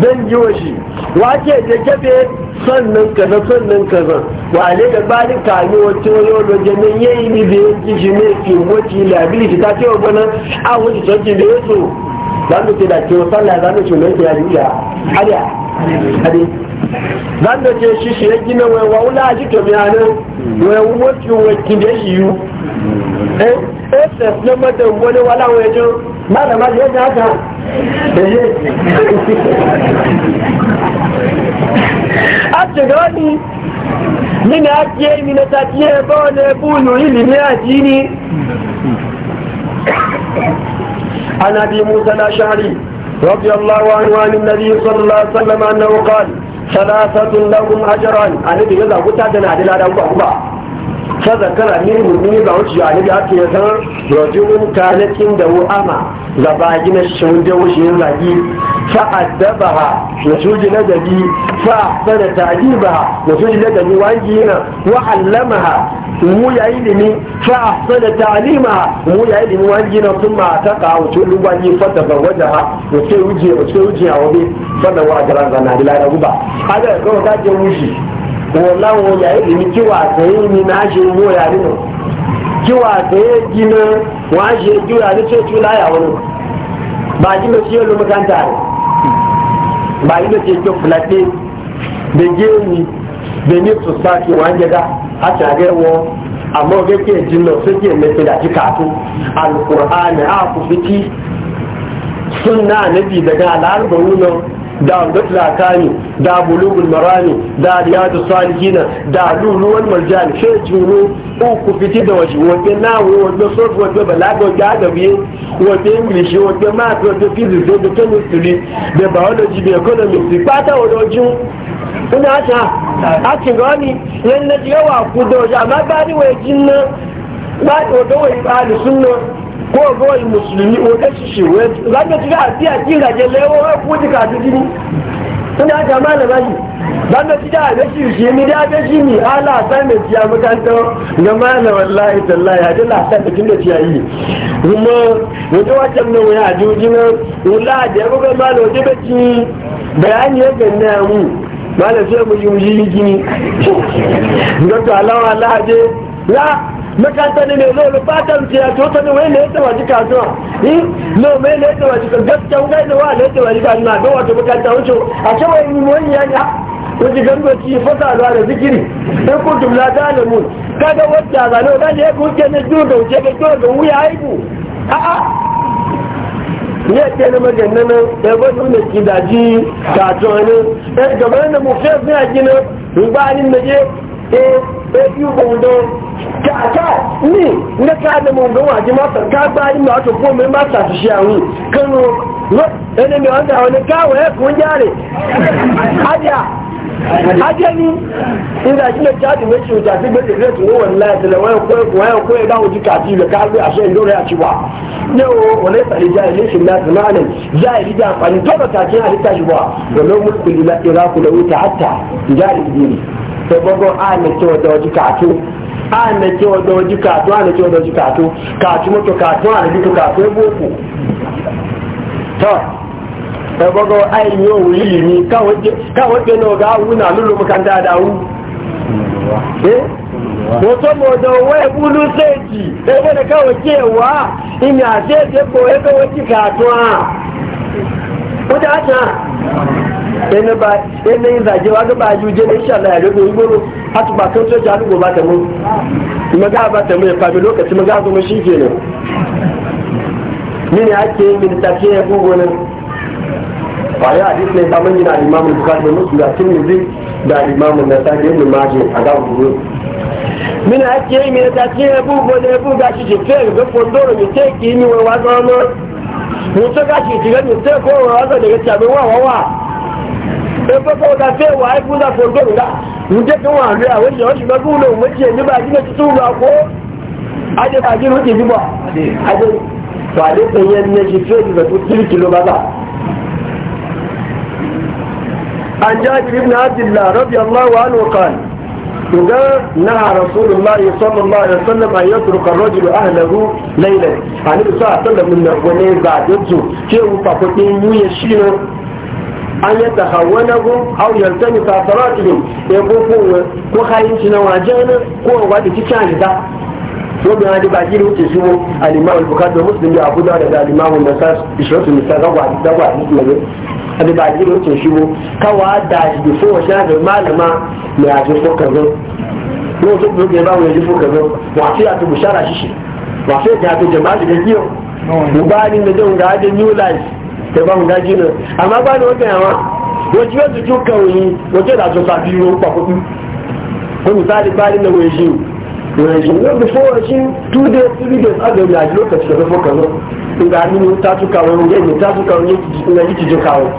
ben ji oji wake eje kebe sannan kaza sannan kaza wale ga bani wa wata wani wani jami yi ni da yanki shi ne ke wace liability ta ce wa gwanan a wani sarki da ya so za mu ce da ke sallah za mu ce mai ya hadi hadi zan da ce shi shi ya gina wai wa wula ji to mi anan wai wuci wai kinde yiwu eh eh sai na mata wani wala wai jo malama ya ga haka eh, eh a ce gani nínú àti èmì náà tàbí ẹbọ́ ọ̀nà ẹbùnù ìlú ní àti ní anábí musa láṣárí رضي الله عنه عن النبي صلى الله عليه وسلم أنه قال ثلاثة لهم أجران أنا بيقول لك كنت أدنى أدلة أبو sada kana ni mu ni ba wuce ya ni da ake ya san rajulun da wu da ba gina shun da wuce yin zagi fa addabaha wa shuji na dabi fa bada tajiba wa shuji na dabi wa gina wa allamaha mu yayi da ni fa bada ta'lima mu yayi da ni wa gina sun wuce lu ba ni fa da gwaja wuce a wani fa da wa garan zanna da la rabu ba kaga wuce wọ́n ya ọjà èyí ni kí wà àtẹ̀yìn ni náà ṣe owó kiwa nínú kí wà na jí náà wọ́n ṣe ojú ẹ̀yà ya sẹ́tù láyàwó nù bàjí ṣe ló mẹ́kántà rẹ̀ bàjí ló ṣe jọ fúlàtẹ́ bèjé ni bèní sòsáàkì wọ́n á jẹ́ dá àtàgẹ́ wọ́n àmọ́ kékeré jí lọ sókè sunna nabi daga da mutla kani da bulugul marani da riyadu salihina da luluwan marjan she junu uku fiti da waje wajen nawo wajen sofi wajen balaga wajen biye wajen english wajen math wajen physics wajen chemistry da biology da economics wanda wajen ina ta a cikin wani yan na yawa ku da waje amma ba ni wajen na, ba da ba wajen sunna ko yi musulmi o ta shi shi wai za ta shiga a fiya kin gaje lewo wai ko ji kasu jini ina ta malama shi za ta shiga a ga shi shi ni da ga shi ni ala sai mai ciya makanta ga malama wallahi tallahi hadi la sai kin da ciya yi kuma wata wata nan wani ajuji na wala da ga ga malama da ba ci bayani ya ganna mu malam sai mu yi mu yi gini ga to alawa lahaje la makanta ne mai lolo fatan ce ya tota ne wai ne ya tawa ji kasuwa ni no mai ne ya tawa ji gaskiya wai ne wa ne ya tawa ji kasuwa don wato makanta wuce a ce wai ni wani ya ne wuce gangoci fasa zuwa da zikiri sai ku jumla ta da mu kada wata zane da ne ku ke ne duk da wuce ga to ga wuya haiku a a ne ce na maganin nan da ba su ne ki daji kasuwa ne eh gaban da mu fiye suna gina rubanin da je eh ebi gbogbo kàkà ní nípa àdèmọ̀ ọ̀gbọ̀n wà jí mọ́tò kágbá inú ọ̀tún fún mi máa ṣàtúnṣe àwọn kánú ẹnìmí ọ̀dà ọ̀nì káwọ̀ ẹ̀kún járe ajá ajé ní ìgbà tí lè jáde méjì ọjà sí gbèsè rẹ̀ tó wọ̀ nílá ẹ̀tẹ̀lẹ̀ wọ́n ẹ̀kọ́ ẹ̀kọ́ ẹ̀kọ́ ẹ̀dá ojú kàtí ilẹ̀ káàgbé àṣẹ ìlú rẹ̀ àti wà ní o wọlé ìtàlẹ̀ já ilé ìṣẹ̀lẹ̀ láti máa nì já ìlú já àǹfààní tọ́lọ̀ kàkí àríkà ìwà wọlé mú da a na e cewa da waje kaatụ a na cewa da waje kato a na cewa da waje kato kato na bitu kato ya boko a yi yau wuli ne na na ga wuna lulu da wọ́n mọ̀ ọ̀dọ̀ owó ẹgbẹ́ ní jẹ́ ìmì àti ẹgbẹ́ wọ́n ti ó dáa tán. ẹni bá ẹni ìzàjẹ́ wa gbà ju jẹ́ ní ṣàlà ẹ̀rọ ní gbòòrò àtùpà tó tó jà lùgbò bá tẹ̀mú ìmọ̀gá bá tẹ̀mú ẹ̀fà mi lókè tí mọ̀gá gbọmọ sí ìfẹ́ rẹ̀ mí ni a ké mi ni tàkí ẹ̀ fún wọn wàyà àdìsí ní ìtàmọ́ yìí náà ìmáàmù bukari ní mùsùlùmí àti mùsùlùmí da ìmáàmù nàta ní ìlú máa jẹ àgá òwúrò mini ake yi mini ta ce ebu bane ebu ga shi ce fe ga ndoro mi te ki mi wa wa zo mu to ga shi ti ga mi te ko wa daga ta wa wa wa ẹgbẹ́fọ́ ọ̀gá fẹ́ wà á fún ìdàpọ̀ ọgọ́rùn rà ń àwọn èèyàn ṣùgbọ́n kí wọ́n mọ̀ jẹ́ nígbà jíjẹ́ kó ajẹ́bàjẹ́ ló ajẹ́ rabi allah wa na rasulullah sallallahu alaihi wasallam ay yatruka ar-rajulu ani ba an ya ta hawana gun au yarta ni ta saratihim ya e, ko ko ko hayin shi wa wajen ko wa da cikin ta ko bi hadi baki da wuce shigo al-imam al-bukhari da muslim da abu da da al-imam an-nasas ishratu misal gwa da gwa ne hadi baki da wuce shigo kawa da shi so wa shaga malama ne a ji ko kazo ko so ko ba mu ji ko kazo wa ci a tubu shara shi shi wa sai da ta jama'a da kiyo mu ba ni da don ga da new life tẹ̀gbọ́n ń dájú náà àmọ́ bá ní ọjọ́ àwọn ojú ó dúdú kẹròyìn ojú ìdájọ́ tàbí irun pàkókú olùsáàdì parí náà wọ́n èyí wọ́n èyí wọ́n bí fún ọjí two days three days agbègbè àjò lókè sí ọ̀fẹ́ fọkàn náà ìgbà nínú tátúkà wọn ní ẹ̀yìn tátúkà wọn ní ẹ̀yìn tìjọ kà wọn.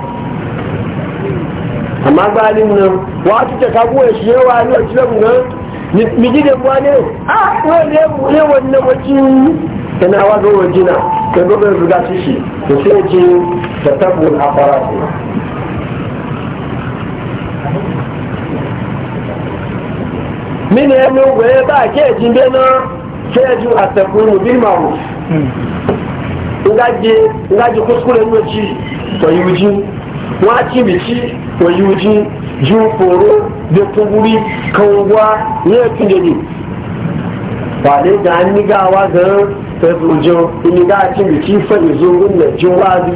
àmọ́ bá ní nà wọ́n á tún kagú èyí wa ní ina wa ga wajina ka gobe ruga shi shi to sai ce ta tabbul aparat mini ya mu goye ba ke jin be na sai ju atakuru bil ma'ruf ngaje ngaje kuskure ni ji to yuji wa ci bi ci to ji ju foro de tuguri kawwa ne tunde ni ba ne ga ni gawa ga fẹ́fún jọ ìníká àti ìrìkí fẹ́ ìzógún lẹ̀ jí wá rí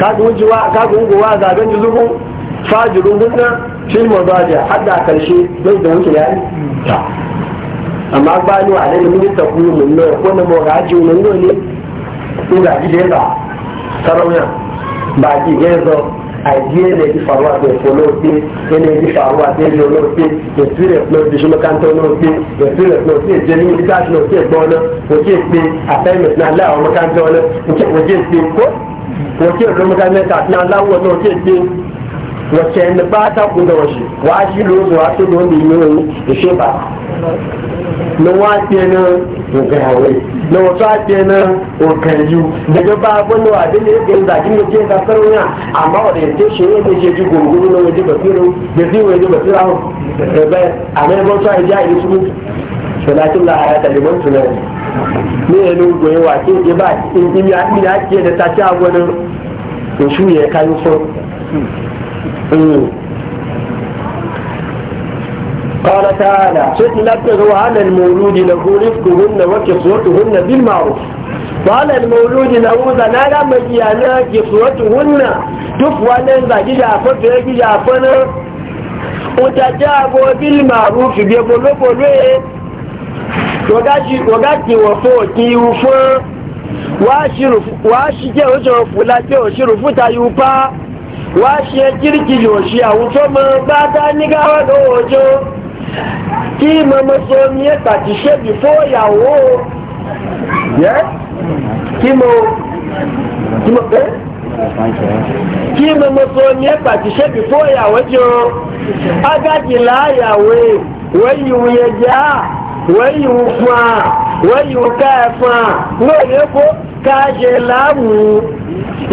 kágun wá zaben ìzógún fájìrún gúnná tí mọ̀ bá jẹ́ karshe don da wuce yayi amma ba ni wa alaihi minista kuma mun ne ko na mu gaji mun ne ko gaji da ba sarauna ba àìdíyẹ lè ti faru àti ẹ̀fọ́ náà pé ẹni ẹni faru àti ẹ̀jọ náà pé ètú rẹ̀ pé ojú mẹ́kántọ́ náà pé ètú rẹ̀ pé òtí èjẹ ní kíláàsì náà òtí ẹ̀gbọ́n náà òtí èpè náà láwọn mẹ́kántọ́ náà òtí èpè kó òtí èpè mẹ́kántọ́ náà láwọn náà òtí èpè wacce yadda ba ta ku da washe wa shi lozu wa su lozu yi da shi ba na wace na gawai na wasu ake na okayu daga babun da wa dole ne da kin da ke da sarwaya amma wanda yake shi ne da ke ji gunguru na waje basiru da zai waje basiru da bai amma ba sai ja yi su salatin la ayata liman sunan ne ne no goyi wa ke je ba in ya ya ke da ta ci a gwanin to shi ya kai قال تعالى شئت لا تغوا على المولود له رزقهن وكسوتهن بالمعروف وعلى المولود له زنالا مجيانا كسوتهن تفوانا زاجي جعفت يجي جعفنا وتجابوا بالمعروف بيقولوا بلوه wọ́gájì wọ̀ fún òkè iwu fún wáṣìjẹ́ òṣèrò fún lájẹ́ òṣèrò fún tayú pa wáṣí ya kíríkìlì òṣì àwùjọ mọ bá dá nígáwá lówó ọjọ́ kí mọmọ sọ ní ẹ̀ka ti ṣe bí fún ìyàwó yẹ kí mo kí mo pẹ́ kí mọmọ sọ ní ẹ̀ka ti ṣe bí fún ìyàwó jọ agájìlá ìyàwó wẹ́yìn ìwòye jẹ́ à wẹ́yìn káàṣe láàmù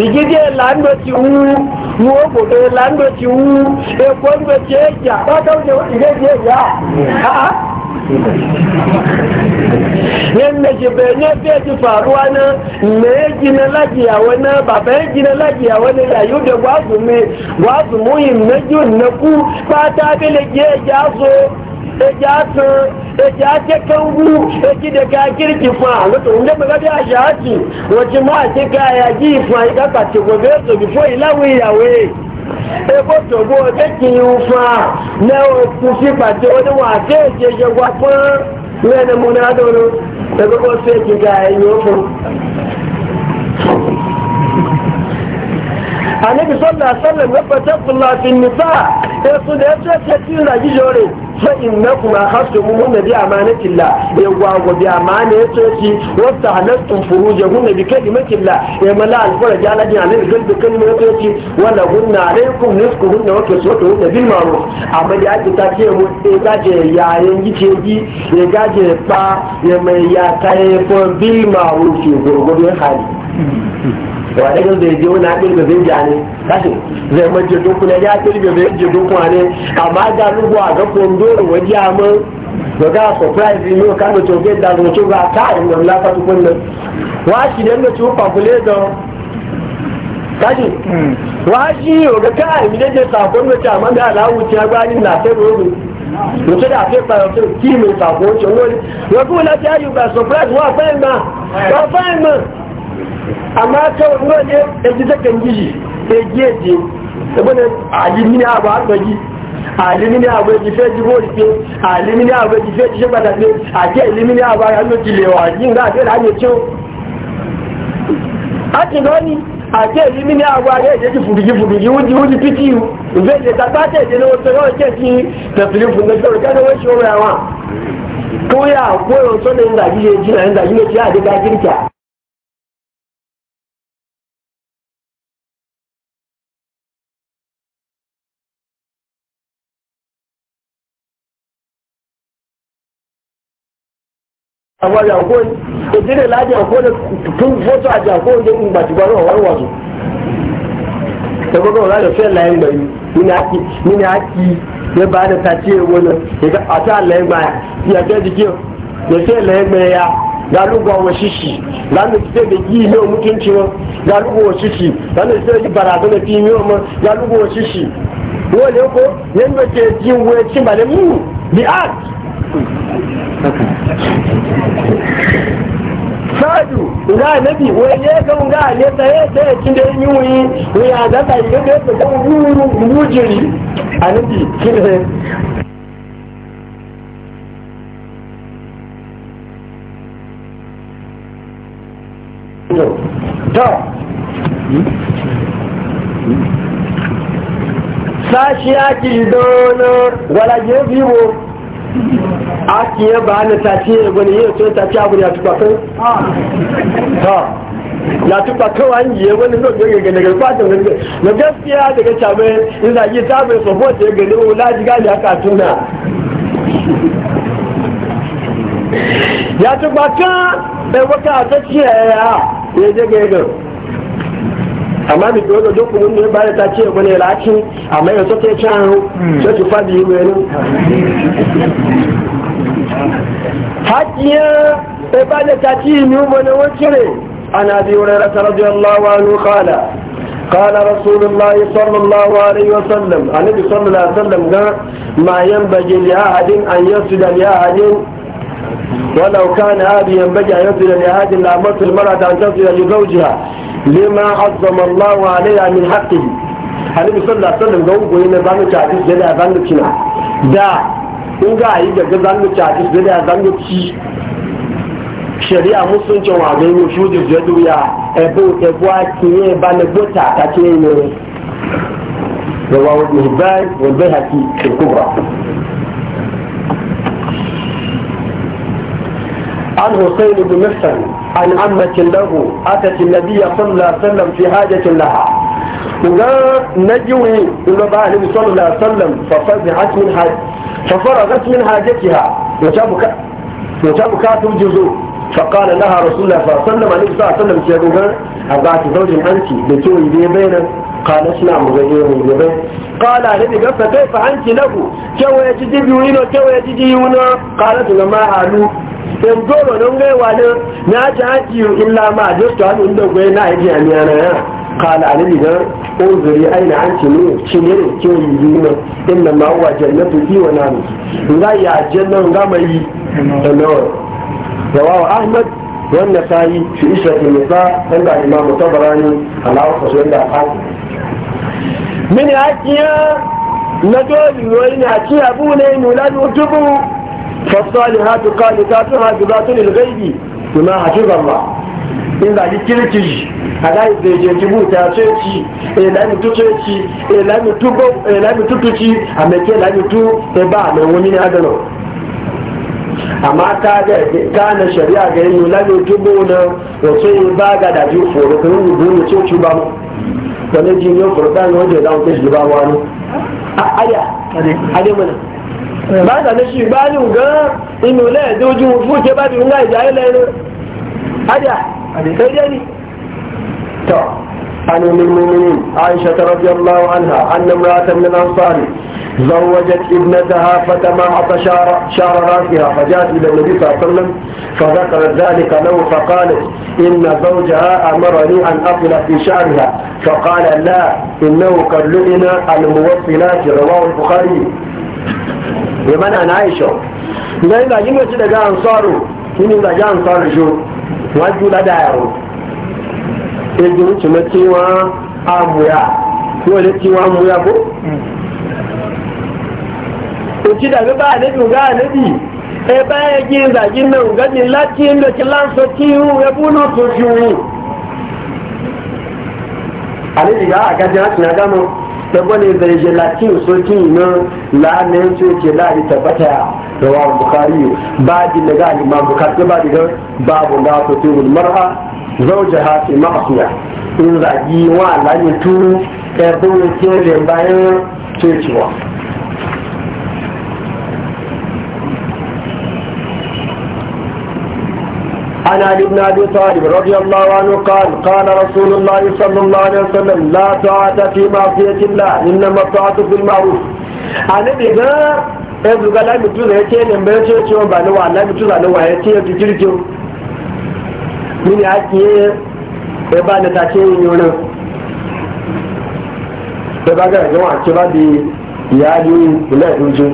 ìjídé làńdó ti wú wú òkòtò làńdó ti wú èkó ń gbèsè èjà pátáwùjẹ ìgbèsè èjà yadda ke bayanin fiye ji faruwa na me ya gina lajiya wani baba ya gina lajiya wani yayu da gwazu me gwazu muhim na jun ku ba ta bile ke ya jaso ya jaso eti ake kangu eti da ka kirki fa wato inda ba gabi a shahaki wace ma ake ka ya ji fa ita ka ce gobe so bifo ilawi yawe ebo tobo ebe kiri fa na oku fi pàtẹ oníwà àti èdè ìjọba fún lẹ́nu múnádọ́rọ́ ẹgbẹ́gbọ́ sí èdè ga ẹ̀yìn òfin. àníbi sọ́nà sọ́nà mẹ́fẹ̀ẹ́ tẹ́kùnlá fi nìfà ètò ìdẹ́tẹ́ tẹ́tí ìrìnàjíjọ rẹ̀. fa innakum akhasumuhunna bi amanatillah ya gwago bi amana ya toki wasta halattum furujahunna bi kalimatillah ya mala alfara jalajin alai galbi kalma ya toki wala hunna alaikum hunna wa hunna bil ma'ruf amma da ake ta ce mu ya gaje yayin gice gi ya gaje ba ya mai ya kai fo bil ma'ruf gurgurin hali daga zai je wani haɗin da zai jane kashin zai mace dokuna ya tilbe zai je dokuna ne amma ga lugu a ga kondoro wani da ga surprise ne ka da tofe da zoce ba ta yi nan lafa tukun nan da tufa kule da kashin washi yau ga ka yi da ke sakon da ta da alawuci ya gwani na sai rodo mutu da fi fayyantar kimin sakon wani wani kuma na ta yi ba surprise wa amma ta ruwa ne da ji zakan gishi da geje da bane alimini abu har bagi alimini abu ji fe ji gori ke alimini abu ji fe ji shaba da ne a ke alimini abu har hannu lewa yin za a fe da hanyar ciwo a ti gani a ke alimini abu har yadda ji furugi furugi wuji wuji fiti yi je ta ta ta je na wasu rawar ke ki tafirin funan kawai kada wani shi wa koya koyon sonin da gije jina yin da gije ya da àwọn àjàkó ìdílé láti àkó lè tún fótó àjàkó ní ìgbàtìgbàrún ọ̀wọ́n wọ̀tò ẹgbẹ́gbẹ́ ọ̀rọ̀ àjọ fẹ́ láyé gbẹ̀yìn nínú àti nínú àti ní bá ní tàtí èwo lọ ìgbà àti àlẹ́ gbà yàtọ̀ ìdíkì ọ̀ lẹ́sẹ̀ lẹ́gbẹ̀ ya galugo wọn ṣíṣì lánà ìṣe lè yí ilé òun kí n ti wọn galugo wọn ṣíṣì lánà ìṣe lè yí bàrà tó lè fi ìwé ọmọ galugo wọn ṣíṣì wọn lè kó yẹn ń gbèsè jí wo etí balẹ̀ mú mu, art saju nga nabi wele ka nga ne tsaye tsaye kinde yiwuyi wuya da ta yi da ta kan wuru wujiri a nabi kinde ta sashi ya ki dono wala je biwo aki ya ba na tafi ya gwani yi to tafi abu ya tuba kan ha ya tuba kan wani ya wani zo ga ga daga kwatan ga na gaskiya daga chabe in da yi tabe support ya gani wala ji gani aka tuna ya tuba kan da wata ta ciya ya ya je ga ga amma da ke wanda dukkan wanda ya bada ta ce wani lakin amma yanzu ta ce hannu sai ki fadi yi wani hakiya ya bada ta ce yi wani wakire an abi hurairah radiyallahu anhu qala قال رسول الله صلى الله عليه وسلم النبي صلى الله عليه وسلم قال ما ينبغي لأحد أن يصل لأحد ولو كان هذا ينبغي أن يصل لأحد لأمرت المرأة أن تصل لزوجها lima azzama Allahu alaiha min haqqihi Annabi sallallahu alaihi wasallam ga goyi na zanu ta hadis da zanu kina da in ga yi daga zanu ta hadis da zanu ci shari'a musulunci wa ga yi shudin jadu ya ebo ebo akiye ba na gota ta ne kubra عن حسين بن محسن عن عمة له أتت النبي صلى الله عليه وسلم في حاجة لها وقال نجوي إلى بعد صلى الله عليه وسلم ففزعت من حاجة ففرغت من حاجتها وتبكى الجزء فقال لها رسول الله صلى الله عليه وسلم عليه الصلاة والسلام سيقول أبعت زوج أنت بتوي بي بينك قالت نعم غيره يبين قال الذي قصة كيف أنت له كوى يجدي بيوينه كوى يجدي يوينه قالت لما أعلو in doro nan gai wani na ji haji illa ma a jisto hannu inda gwai na aiki a miyana ya kala a nabi don unzuri aina an ce ne ne da kyau yi yi nan inda ma uwa jannatu fi wa nanu nga ya jannan gama yi da nawar rawawa ahmad wannan sayi fi isra ba nisa wanda imamu tabarani alawar kasu da a haƙi min haƙiya na dole ne na ci abu ne nula da dubu. فالصالحات قانتات حافظات للغيب بما حفظ الله in zagi kirki a layi da je ki buta ce ci e lami tu ce ci e lami tu go e lami tu tu ci a me ke lami tu e ba me wani ne adano amma ka ga ka na shari'a ga yin lami tu na wato in ko bu ne ba mu ne ne da ba a aya ba ta da shi ba ni ga inu la da ju fu ke ba ni ga ja ne aja sai dai ni to عن ام المؤمنين عائشة رضي الله عنها أن امرأة من الأنصار زوجت ابنتها فتما شعر, شعر راسها فجاءت إلى النبي صلى الله عليه وسلم فذكرت ذلك له فقالت إن زوجها أمرني أن أطل في شعرها فقال لا إنه قد لئن الموصلات رواه البخاري ya mana na aisha idan ga jin daga ansaro kini ga jan ansaro jo waju la da yaro e jin ci mace wa amuya ko le ci wa amuya ko ko ci daga ba ne ju ga bi e ba ya jin ga jin nan ga ni lati inda ci lan so ci hu to ju ni ale diga ga jan ta zai zarge latin sokin na la'anayin su ce la'ari tabbata ya rawa bukari ba di daga ma bukari ba di ga babu na kotu wani mara zau jaha ce ma'asuya in zagi wa la'ani turu ɗaya bayan cewa عن علي بن ابي طالب رضي الله عنه قال قال رسول الله صلى الله عليه وسلم لا طاعة في معصية الله انما الطاعة في المعروف عن ابي ذر ابن قال لم تزل هيتين من بيت يوم بانوا لم تزل هو هيتين تجرجو من يأتي ابان تاكين يونا ابان قال جماعة شبابي يالي ولا يدوجو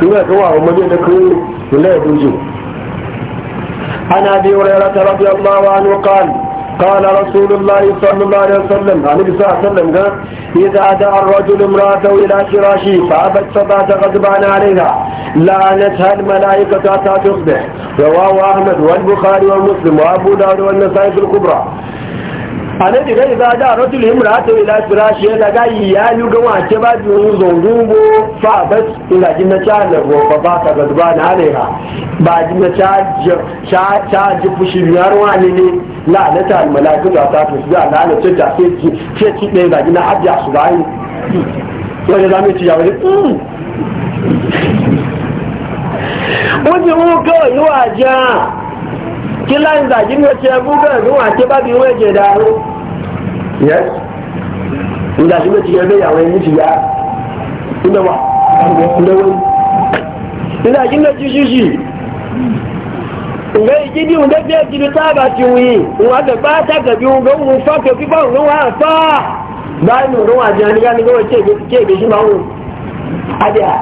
سنة جماعة ومجد كل ولا يدوجو عن أبي هريرة رضي الله عنه قال قال رسول الله صلى الله عليه وسلم عن النبي صلى الله عليه وسلم قال إذا دعا الرجل امرأته إلى فراشه فأبت فبات غضبان عليها لعنتها الملائكة حتى تصبح رواه أحمد والبخاري ومسلم وأبو داود والنسائي في الكبرى annabi ga idza da rajul imra'atu ila firashi ya daga iyalu ga wace ba biyu zongungo fa bas ila jinna ta da fa ba ta gadba na alaiha ba jinna ta ta ta ji fushi biyar wani ne la la ta malaiku da ta su da la la ta ta ce ci ce ci ne ga jinna abja su ba yi to da zamu ci ya wani wani mu kawai yi wa kí láì ìdàjí ní oṣù ẹgbú bẹ́ẹ̀ ní wọn àti bábí ìwé èjì ìdàrú yẹ ìdàjí ló ti yẹ bẹ́ẹ̀ àwọn ẹni ti yá ilé wa ilé wọn ìdàjí ló ti ṣíṣì ìgbé ìjí ní òun dẹ́gbẹ́ ìjìnlẹ̀ sábà ti wù yìí òun àgbẹ̀gbá àtàgbẹ̀bí òun gbóhùn òun fọ́ọ̀kì pípọ̀ òun wà fọ́ báyìí òun wà jẹun nígbà nígbà wọ́n ṣe èdè sí máa ń wù. adìyà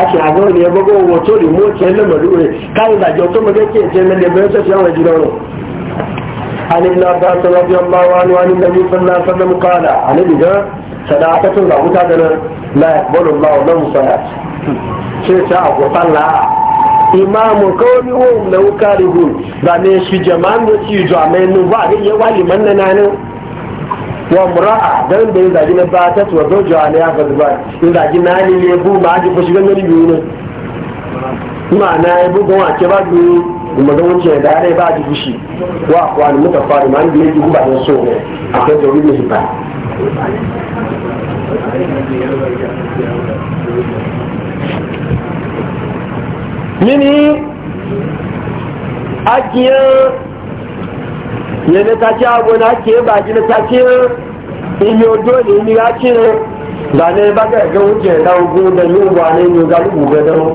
ake àgbọn ni ẹgbọ́gbọ́ owó tó rí mú tiẹ̀ lọ́mọdé rẹ̀ káyọ̀ ìdàjọ́ tó mọ̀gẹ́ kí ẹ̀jẹ̀ mẹ́lẹ̀ bẹ́ẹ̀ tó wa àwọn ìjìnà rẹ̀. عن ابن عباس رضي الله عنه عن النبي صلى الله عليه وسلم قال عن ابن صداقة الله تعالى لا يقبل الله له صلاة شيء تعب وصلى imamu kawai wo lauka rihu ba ne shi jama'an da ci jami'in ba a iya wali manna na nan wa mura'a dan da ya zagi na bata tuwa zojo a ya ga zuba ya zagi na ne ne bu ma ji fashi ganin biyu ne kuma na ya bu gwa ke ba biyu kuma ga wancan da ya ba ji fushi wa kuwa ne muka fara ma ne ji ba da so ne a kan da wuri ne ba mini ne na a ce abu ah, na ke ba ji na ta ce in yi ojo ne ni ya ce ne ba ne ba ga ga wuce da ugu da yi ugu ne yi ga lugu ga dano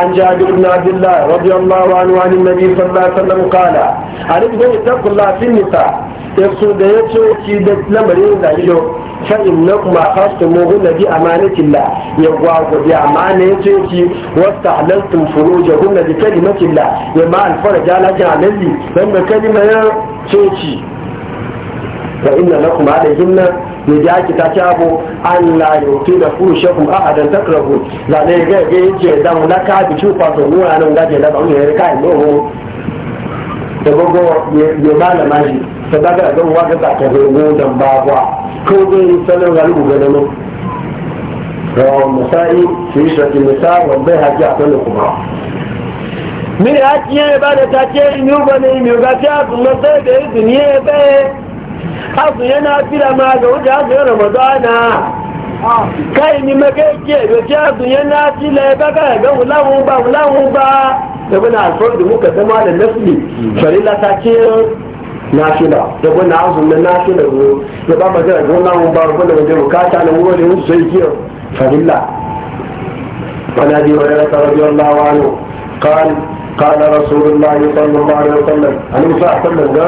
an ji abu na dilla rabi allah wa ni wani nabi sallallahu alaihi wasallam kala a duk da ya tabbata lafin su da ya ce ki da lamarin da yi yau فإنكم أخذتم هنا بأمانة الله يقوى بأمانة يتوكي واستعلمتم فروج هنا بكلمة dan يما الفرج على جعلني لما كلمة ki ta ce abu da kuru shekun a ne ga ga yin ce dan na ka bi cikin kwaso wura nan gaje da ba mu yare ka yi ya ba sada da don wa ga ta go dan ba kwa ko dai sanan ga rubu ga mu. rawa musai fi shakil nisa wa bai haji a kan kuma min haji ya ba da ta ce ni ba ne mi ga ta kuma sai da izini ya ba hasu yana fira ma ga wuce hasu yana ramadana kai ni magaice da ce hasu yana fila ya baka ga wulawun ba wulawun ba da bana alfardu muka zama da nasli farila ta ce nafila da wani azun na nafila ne da ba ma zai gona mu ba ko da wanda bukata na wuri mu sai kiyo fadilla wala bi wa ya rabbi Allah wa anu qal qala rasulullah sallallahu alaihi wasallam an sa sallan da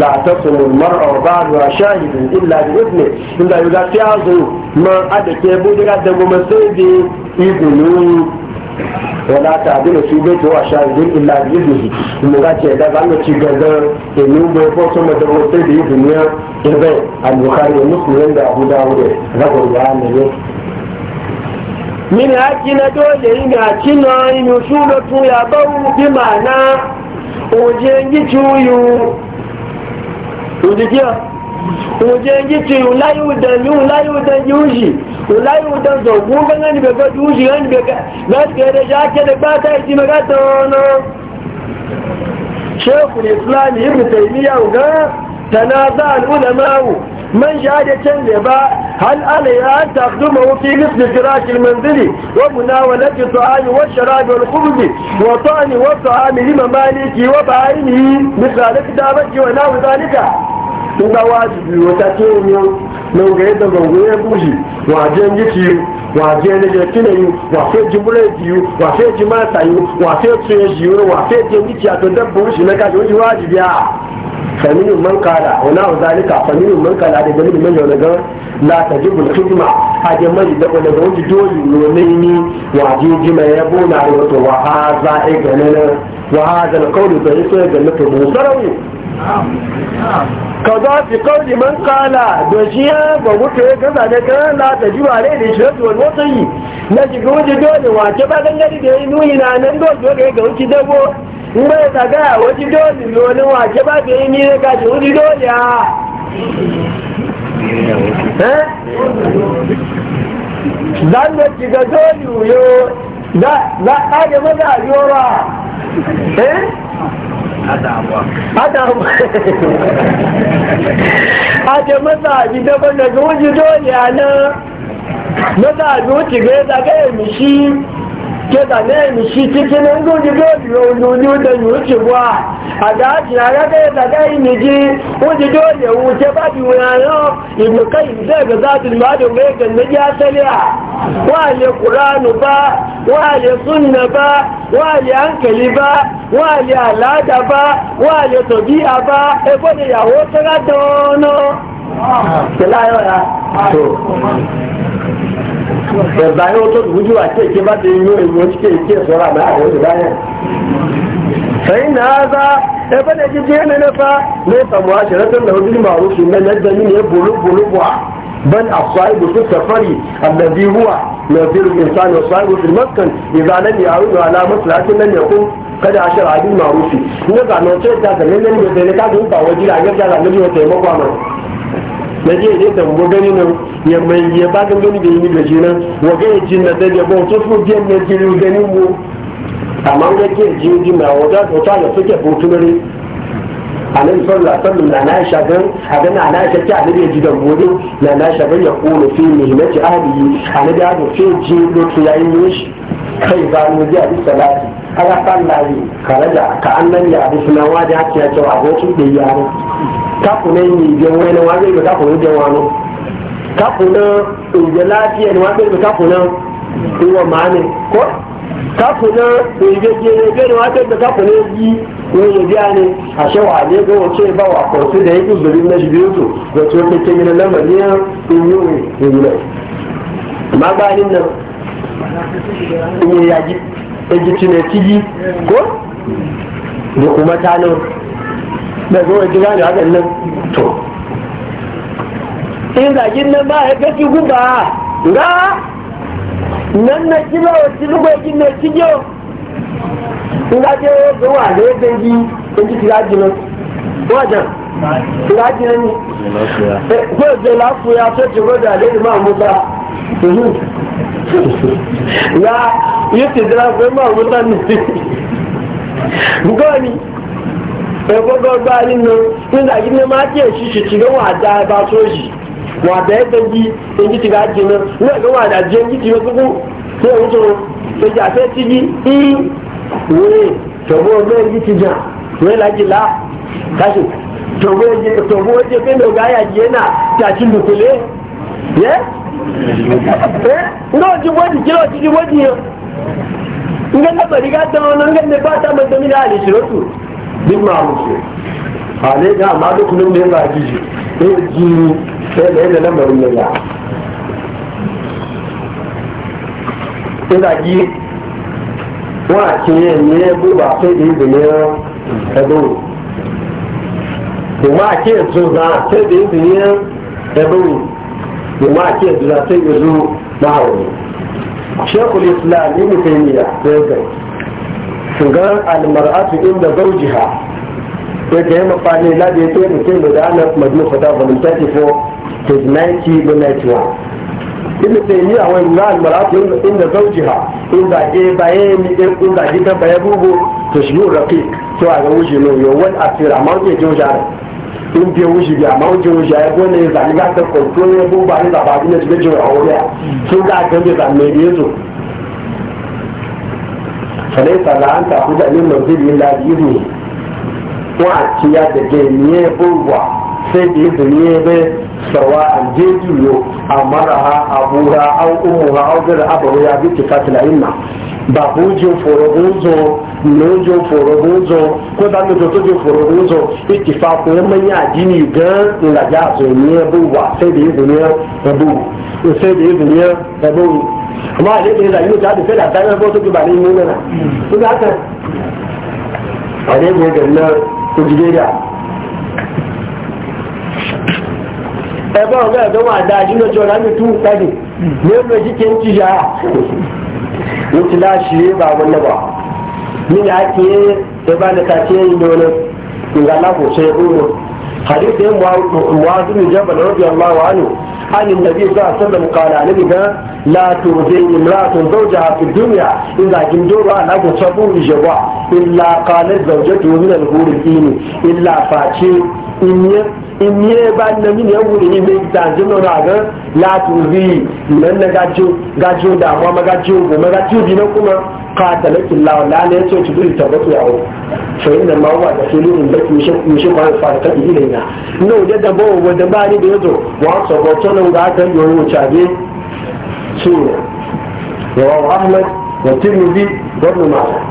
la tasumu almar'a wa ba'du shahidun illa bi ibni illa yuga fi azu ma adake bu daga da mu sai bi ibnu wala ta abin da su bai ta wa shahidin illa bidihi mu ga ce da zamu ci gaza da mu bai ko to mu da wata da yi duniya da bai al-bukhari da muslim da abu dawud da ga bayani ne min haki na dole yi na cina yi shulo tu ya bawu bi mana oje ngi chuyu oje ngi chuyu layu da yu layu da yuji wallahi wutar da gugan gani bai gaji wuce gani bai gaske da jake da ba ta yi maga ta wani shekul islam ibn taymiya ga tanaza al ulama man can ne ba hal ala ya taqdumu fi misl firash al manzili wa munawalati ta'am wa sharab wal khubz wa ta'am wa ta'am li mamaliki wa ba'ini misal kitabati wa nahu zalika in ba wajibi wata ce ne nan ga yadda bango ya bushi wajen yake yi wajen na jirgin yi wafe ji bureki yi wafe ji mata yi wafe tsoye ji yi wafe ji miki a tun dabba wuce na kashi wuce wajibi a faminin man kada wani abu zalika faminin man kada da dalilin man yana gan la ta ji bulkidma a ji mai da wani ga wuce dole nome ni waje ji mai yabo na wato wa haza e ganana wa haza na kauli da ya so ya ganata musarauni ka za fi kauli man kala da shi ya ga wuce ya gaza da kan la ta ji ba rai da shi da wani wata yi na shiga wajen dole wa? wace ba gangari da ya yi nuni na nan dole ga ya ga wuce dabo in bai tsaga a wuce dole wani wace ba da ya yi ni na gaji wuce dole a eh? zan da shiga dole yo za a ga maza a yowa eh a ce mazabi daban daga wuji dole a nan mazabi wuce ga ya zagaya mishi keda ne mi shi cikin ngun ji do yo da yo ci wa aga ji da da dai mi ji un ji do ce ba wa ga ga ne ya wa le qur'an ba wa le sunna ba wa le hankali ba wa le alada ba wa le tabi'a ba e ko ne ya ta ga yo ya to ẹ̀bá yóò tó dùdú àti èké bá ti yóò a ojú kéèké sọ́ra àmì àwọn òṣèlú sa fẹ̀yìn náà bá ẹgbẹ́ lè jíjí ẹni nípa ní ìtàmù àṣẹrẹ tó lọ bí màrú sí mẹ́lẹ́gbẹ́ nínú ẹ̀ bòlóbòló wà bẹ́ẹ̀ ni àṣọ àìbùsùn sẹ̀fọ́rì àbẹ̀bí wúwà يصير الإنسان يصعب في المسكن إذا لم يعود على مصلحة لم يكن قد عشر عدد معروفي. نقع نوتي تاتا لن يدرك عدد وجيل عجب جالا نجي وتيمو قامل. na je ne ta mu gani nan ya mai ya ba ga gani da yi da shi nan wa ga jin na da ya ba to fu biyan ne ji gani mu amma ga ke ji ji na wa da ta da suke botunare annabi sallallahu alaihi wasallam na na shagan abin na na shakki annabi ji da gobe na na shagan ya kulu fi mihimmanci ahli annabi ya fi ji lokacin ya yi shi kai ba mu ji abi salati ala sallahi karaja ka annan ya bi sunan waje haka ya cewa abokin da yaro kakuna yi jẹun ẹni wọn agbẹ̀rẹ̀ kakuna jẹun àná kakuna òjò láti ẹni wọn agbẹ̀rẹ̀ kakuna ìwọ màá ni kọ́ kakuna òjò jẹun ẹgbẹ́ ni wọn agbẹ̀rẹ̀ kakuna yí wọn yẹ bí a ni àṣẹwà àlẹ́gbẹ́ wọn tí ì bá wà pọ̀ sí ẹ̀ ẹ́ ìgbèrè mẹ́sì bí ó tó lọ́tí ó kéke mi lọ́mọ ní ìlú ìwúlẹ̀ màgbà nínú ìyẹn yàjí èjìtì nà ẹ̀ tìyí kó lókùmọ́ta náà. da zo ji gane hakan nan to in zagin nan ba ya gaci guba ga nan na kilo kilo ba kin na kiyo in ga je da ya dangi in ji ga jino wajen ga jino ko je lafiya so ji roda da imam Musa ya yi tidra ko imam Musa ne ẹgbọ́gbọ́ gbá nínú nígbà yìí ní máa tiẹ̀ ṣíṣe tí wọ́n àdá ẹba tó yìí wọ́n àbẹ́ ẹgbẹ́jì èyí ti bá jẹ náà nígbà tó wọ́n àdá ti lọ kúkú ní òun tó èjì àfẹ́ ti bí í wéé tọ̀gbọ́n ọgbẹ́ èyí ti jà wéé lájì lá káṣù tọ̀gbọ́n oje pẹ́ẹ́nì ọ̀gá ayà jẹ́ náà tí a ti lùkùlé yẹ́ ẹ́ náà ti duk ma'arufi a ne ga amma duk nan da ya ba jiji sai jini sai da yadda lamarin ya ina ji wa ke ne buba sai da izini ya kado kuma ke zo za sai da izini ya kado kuma ke zo za sai da zo na hauri shekul islam ibn taymiya sai kai shugan almar'atu inda zawjiha sai ta yi mafani na da ya ce mutum da da ana madu fata volume 34 page 90 to 91 ibn taymiya wa inna almar'atu inda zawjiha inda ke baye ni inda gidan baye bubu to shi raqiq to a ga wuce no yo wal asira amma ke jojara in bi wuce bi amma wuce wuce ya gona ya zani ga ta control ya bubu ba ni da ba ni da jibe jiwa a wuya sun ga ga da ne ne zo فليس لا أن تأخذ من منزل da بإذنه وأتيا دجينيه بوا سيدي بنيه سواء جيجيو أمرها أبوها أو أمها أو غير أبوها باتفاق الأئمة babujin forogunzo nojin forogunzo ko da mu to jin forogunzo ittifaqu man ya dini ga la ja so ne buwa sai da izini rabu sai da izini rabu amma a daidai rayu ta da sai da tsanar bautu ki ba ne nuna na su da haka a daidai ga na ku jide da na ọ̀gá ẹ̀gbẹ́ wọn àdá àjínà jọ láti tún pàdé mutu ẹgbẹ́ jíkẹ́ ń ti yá ló ti láṣìírí bá wọn lọ́wọ́ nínú àti ẹgbẹ́ àti ẹ̀yìn lọ́nà sai ṣe é حديث معاذ بن جبل رضي الله عنه عن النبي صلى الله عليه وسلم قال عن ابنها لا تؤذي امرأة زوجها في الدنيا إذا جندورها لا تصبوا لجوا إلا قالت زوجته من الغور الديني إلا فاتشي إن imiye ba na mini yan wuri ime ta jin na na ga latu ri nan na ga gajo da amma ma ga magajo bi na kuma qatalaki Allah la ne yace ki dole tabbatu ya ho fa inna ma wa da filin da ki shi ki shi ba fa ta ki ne na no da da bo wa da ba ni da yazo wa so go to nan ga ta yo wo chabe su wa Ahmad wa Tirmidhi wa Ibn Majah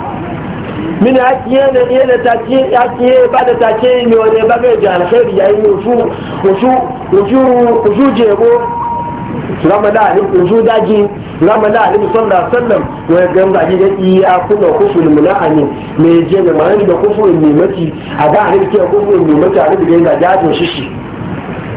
mini akiye ne ne da take akiye ba da take ne wani ba mai da alkhairi yayin rufu rufu rufu rufu jebo ramada ali rufu daji ramada ali sallallahu alaihi wasallam wai ganga ji da iya kuna kufur mulani me je ne ma ni da kufur ne mati a ga ali ke kufur ne mati ali da ganga jato shishi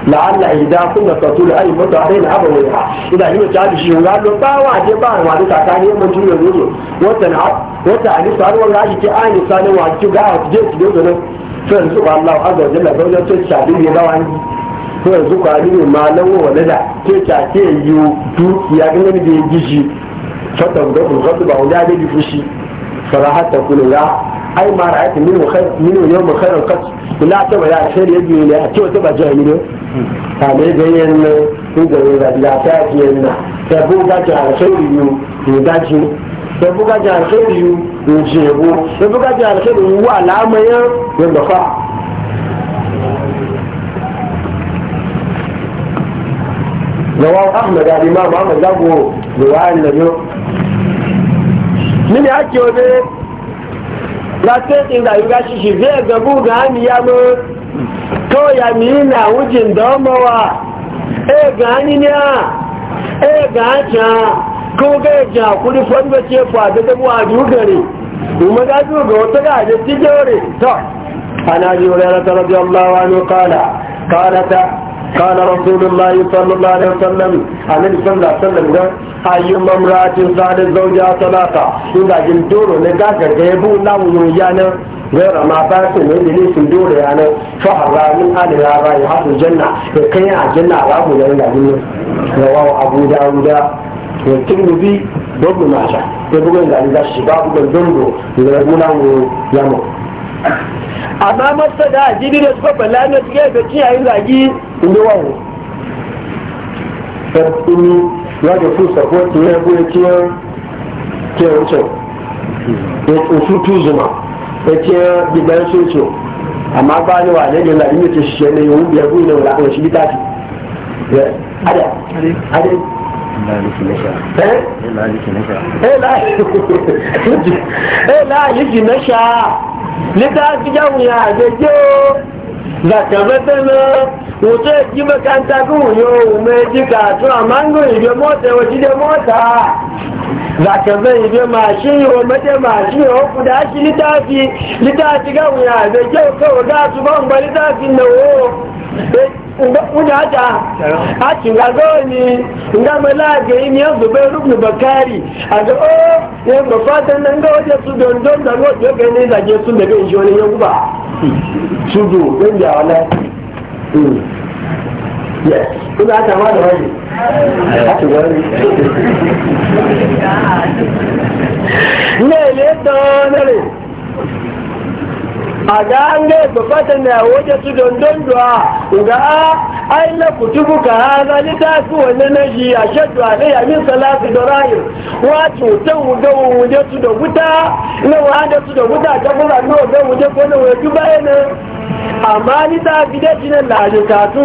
la'alla ihda kunna tatul ay mutu alaina abawaiha idan ni ta ji shi ga lo ba wa je ba wa da takani mun ji ne ne wata na wata ani sai wa ga ki ani ne wa ki ga je ki do ne sai su Allah azza jalla ga wajen to ta bi da wani to yanzu ka ni ma nan wa walada ke ta ke yi dukiya ga ne da ya gishi fatan da ku ba wanda da fushi farahata kullu ai ma ra'ayta minu khair minu yawm khair al-qatl illa ta ba ya khair yaji ne a cewa ta ba jahili ne ta ne ga yin ku ga da la ta ji na ta bu ga ta alkhairi yu ni ga ji ta bu ga ta alkhairi yu ni ji bu ta bu ga ta alkhairi yu ma ya yanda fa رواه أحمد قال الإمام أحمد له رواية النبي من أكيد ga sai da yi gashi shi zai gabu ga hannu ya mu to ya mi na wujin da mawa e ga hannu ne e ga hannu ko ga ja kuri fanda ce fa da da wa dugare kuma ga su ga wata ga da tijore to ana ji wala radiyallahu anhu qala qala ta قال رسول الله صلى الله عليه وسلم النبي صلى الله عليه وسلم قال أي امرأة صار زوجها ثلاثة إذا جلدور نجاك جيبو لا ويانا غير ما فات من دليل سندور انا فحرى من أهل رائحة الجنه كي الجنة أبو لنا رواه ابو داوود والترمذي وابن ماجه يقول لك شباب الجندو يقول له amma masa da ajiri da suka bala na suke da kiyayen zagi inda wawo ya su ya kiyar kiyar ya tuzuma ya kiyar gidan amma ba ni wa ne da lari ne ce shi ne biya shi bita ce ada ada eh? na sha. Eh, eh, littafi yawuya a jeje da kamata na wuce ji makanta kan wuyo mai ji kasu a mango ibe zaka zai be mashi wa mate mashi wa kuda shi litafi litafi ga wuya da kyau su ban ba litafi na wo eh, ta a cinga nga yi miyan zubai rubnu bakari a ga o oh, yan ba fatan nan ga waje su don don da ga ne zage su daga injoni yan guba su da hmm. wala hmm. yes kuma aka ma da wani aka wani ne ne donare a ga an ga bukata na waje su dondon duwa ga ai na kutubu ka haza ni ta su wani na shi a shaddu a ɗaya min salatu da rayu wa cutan wuga wuje su da wuta na wa da su da wuta ta kuma no ga wuje ko na wuya bayanan amma ni ta fi da jinan da aji katu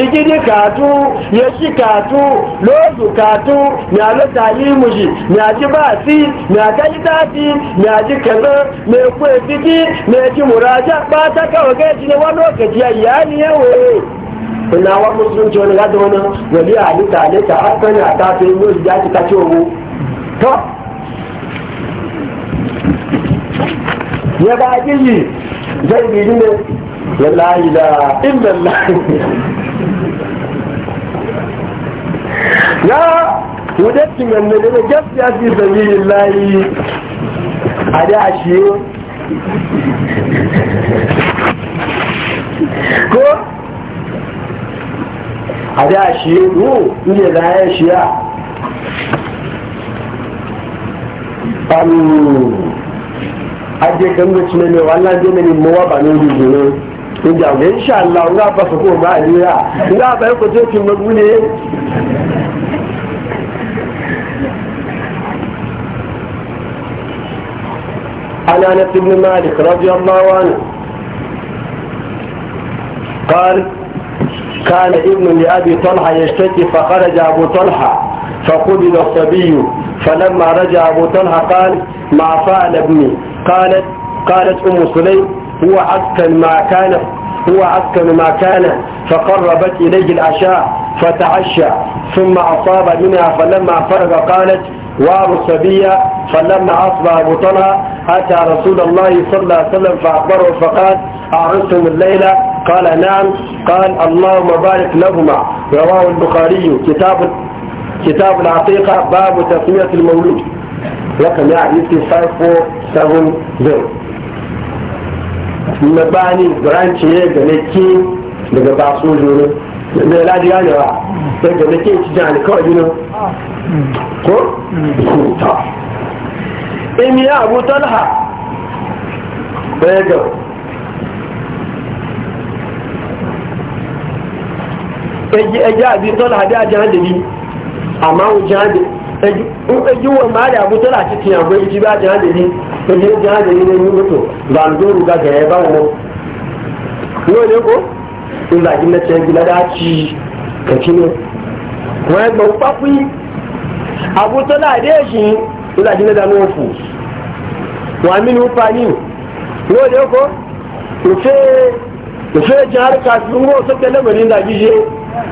igidi katu ya shi katu lozu katu ya lo talimu shi ya ji ba si ya kai tafi ya ji kaza mai kwe fiti mai ji muraja ba ta kawai kai jini wani lokaci ya iyali yawo kuna wa musulunci wani gada wani wali a ni tale ta hakan ya ta fi yi ya ci ta ci ogo to ya ba gini zai bi ne ya la ilaha illallah ya wadatin yanne da gaskiya fi sabilillahi a da ashiyo ko a da shi yiwu inda shi ya shiya alu ajiye kan gaci mai mai wannan jami'in mawa ba ne nígbà ọ̀gá insha Allah ń gbà fún òun máa rí rà bá ẹ̀kọ́ tó ti mọ gúlé. عن انس بن مالك رضي الله عنه قال كان ابن لابي طلحه يشتكي فخرج ابو طلحه فقبل الصبي فلما رجع ابو طلحه قال ما فعل ابني قالت قالت ام سليم هو أسكن ما كان هو أسكن ما كان فقربت إليه العشاء فتعشى ثم أصاب منها فلما فرغ قالت وابو الصبية فلما أصبح أبو طلحة أتى رسول الله صلى الله عليه وسلم فأخبره فقال أعرسهم الليلة قال نعم قال اللهم بارك لهما رواه البخاري كتاب كتاب العقيقة باب تسمية المولود رقم يعني 5470 na bani branch ne ga nake daga baso jone da ladi ne ba daga nake ci jani kawai jino ko ta in ya abu talha daga ẹjẹ́ àbí tọ́lá àbí àjáde ní àmáhùn jáde ẹjú wọn máa rẹ̀ àbútọ́lá àti tìyànbó ìjíbá àjáde ní ẹni ó jẹ́ àjẹ́ nínú ẹni mọ́tò gbàǹdóòrù gàgà ẹ̀ bá wọn. ní òní kó ìgbàjì mẹ́tẹ́ gbìládà ti kẹ̀kínú. wọ́n ẹgbẹ́ ń pápí àbútọ́ láàdé èsì ìgbàjì mẹ́ta ní òfò. wọ́n àmì ní pa ní ní òní kó òfé òfé jẹ́ àríkà sí ń wọ́n sókè lẹ́mọ̀ ní ìgbàjì ṣe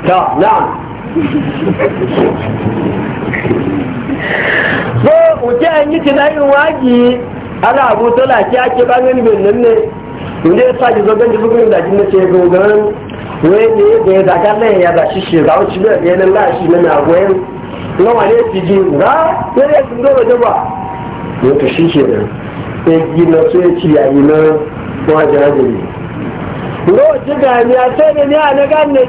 kà náà. so òjẹ́ ẹni ti náà ń wáyé Ana abu tola ki ake bangan bin nan ne inda ya sake zo ganji bugun da jin nace gogan wai ne da ya daga nan ya da shi shi A wuce da ya nan lashi na na goyen na wane ki ji ga ne ya sun zo waje ba Ya to shi ke nan sai ji na so ya ci ya yi na wajen hajjari Lo ji ga ni a sai da ni a na gan na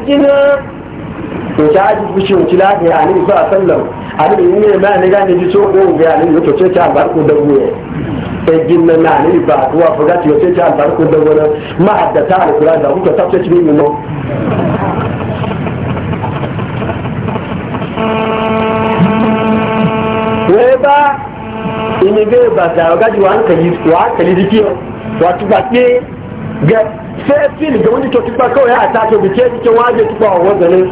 to ta aji fushi wuce lafi a nan isa a sallam a nan yi ne mai ne ji so ko ga nan yi to ce ta da goye sai ginna na ne ba kuwa fuga ce ce ta barku da goye ma haddata alquran da kuka tafsir cikin mu wai ba ini bai ba da gaji wa hankali wa hankali dikiyo wa tuba ke ga sai ga wani kyautu ba kawai a tafi bice cikin waje tuba wa wazani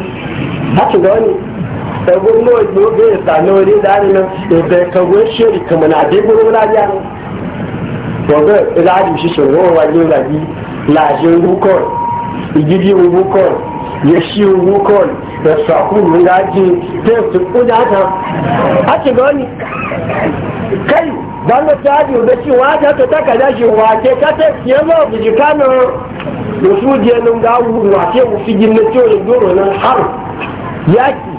haka ga wani ɗagun nawa ne ga ya sami wani da hannun nan da kagwai shiri kama na dai gudu wani ajiya ne to ga ilari shi shi wani wajen lagi lajin rukon igidi rukon ya shi rukon da shakun da gaji sai su kuda ta a ci wani kai dan da tadi da shi wa ta ta ka da shi wa ke ka ta ya zo biji kano da su je nan ga wu wa ke fi gin na ciwo doro nan har yaki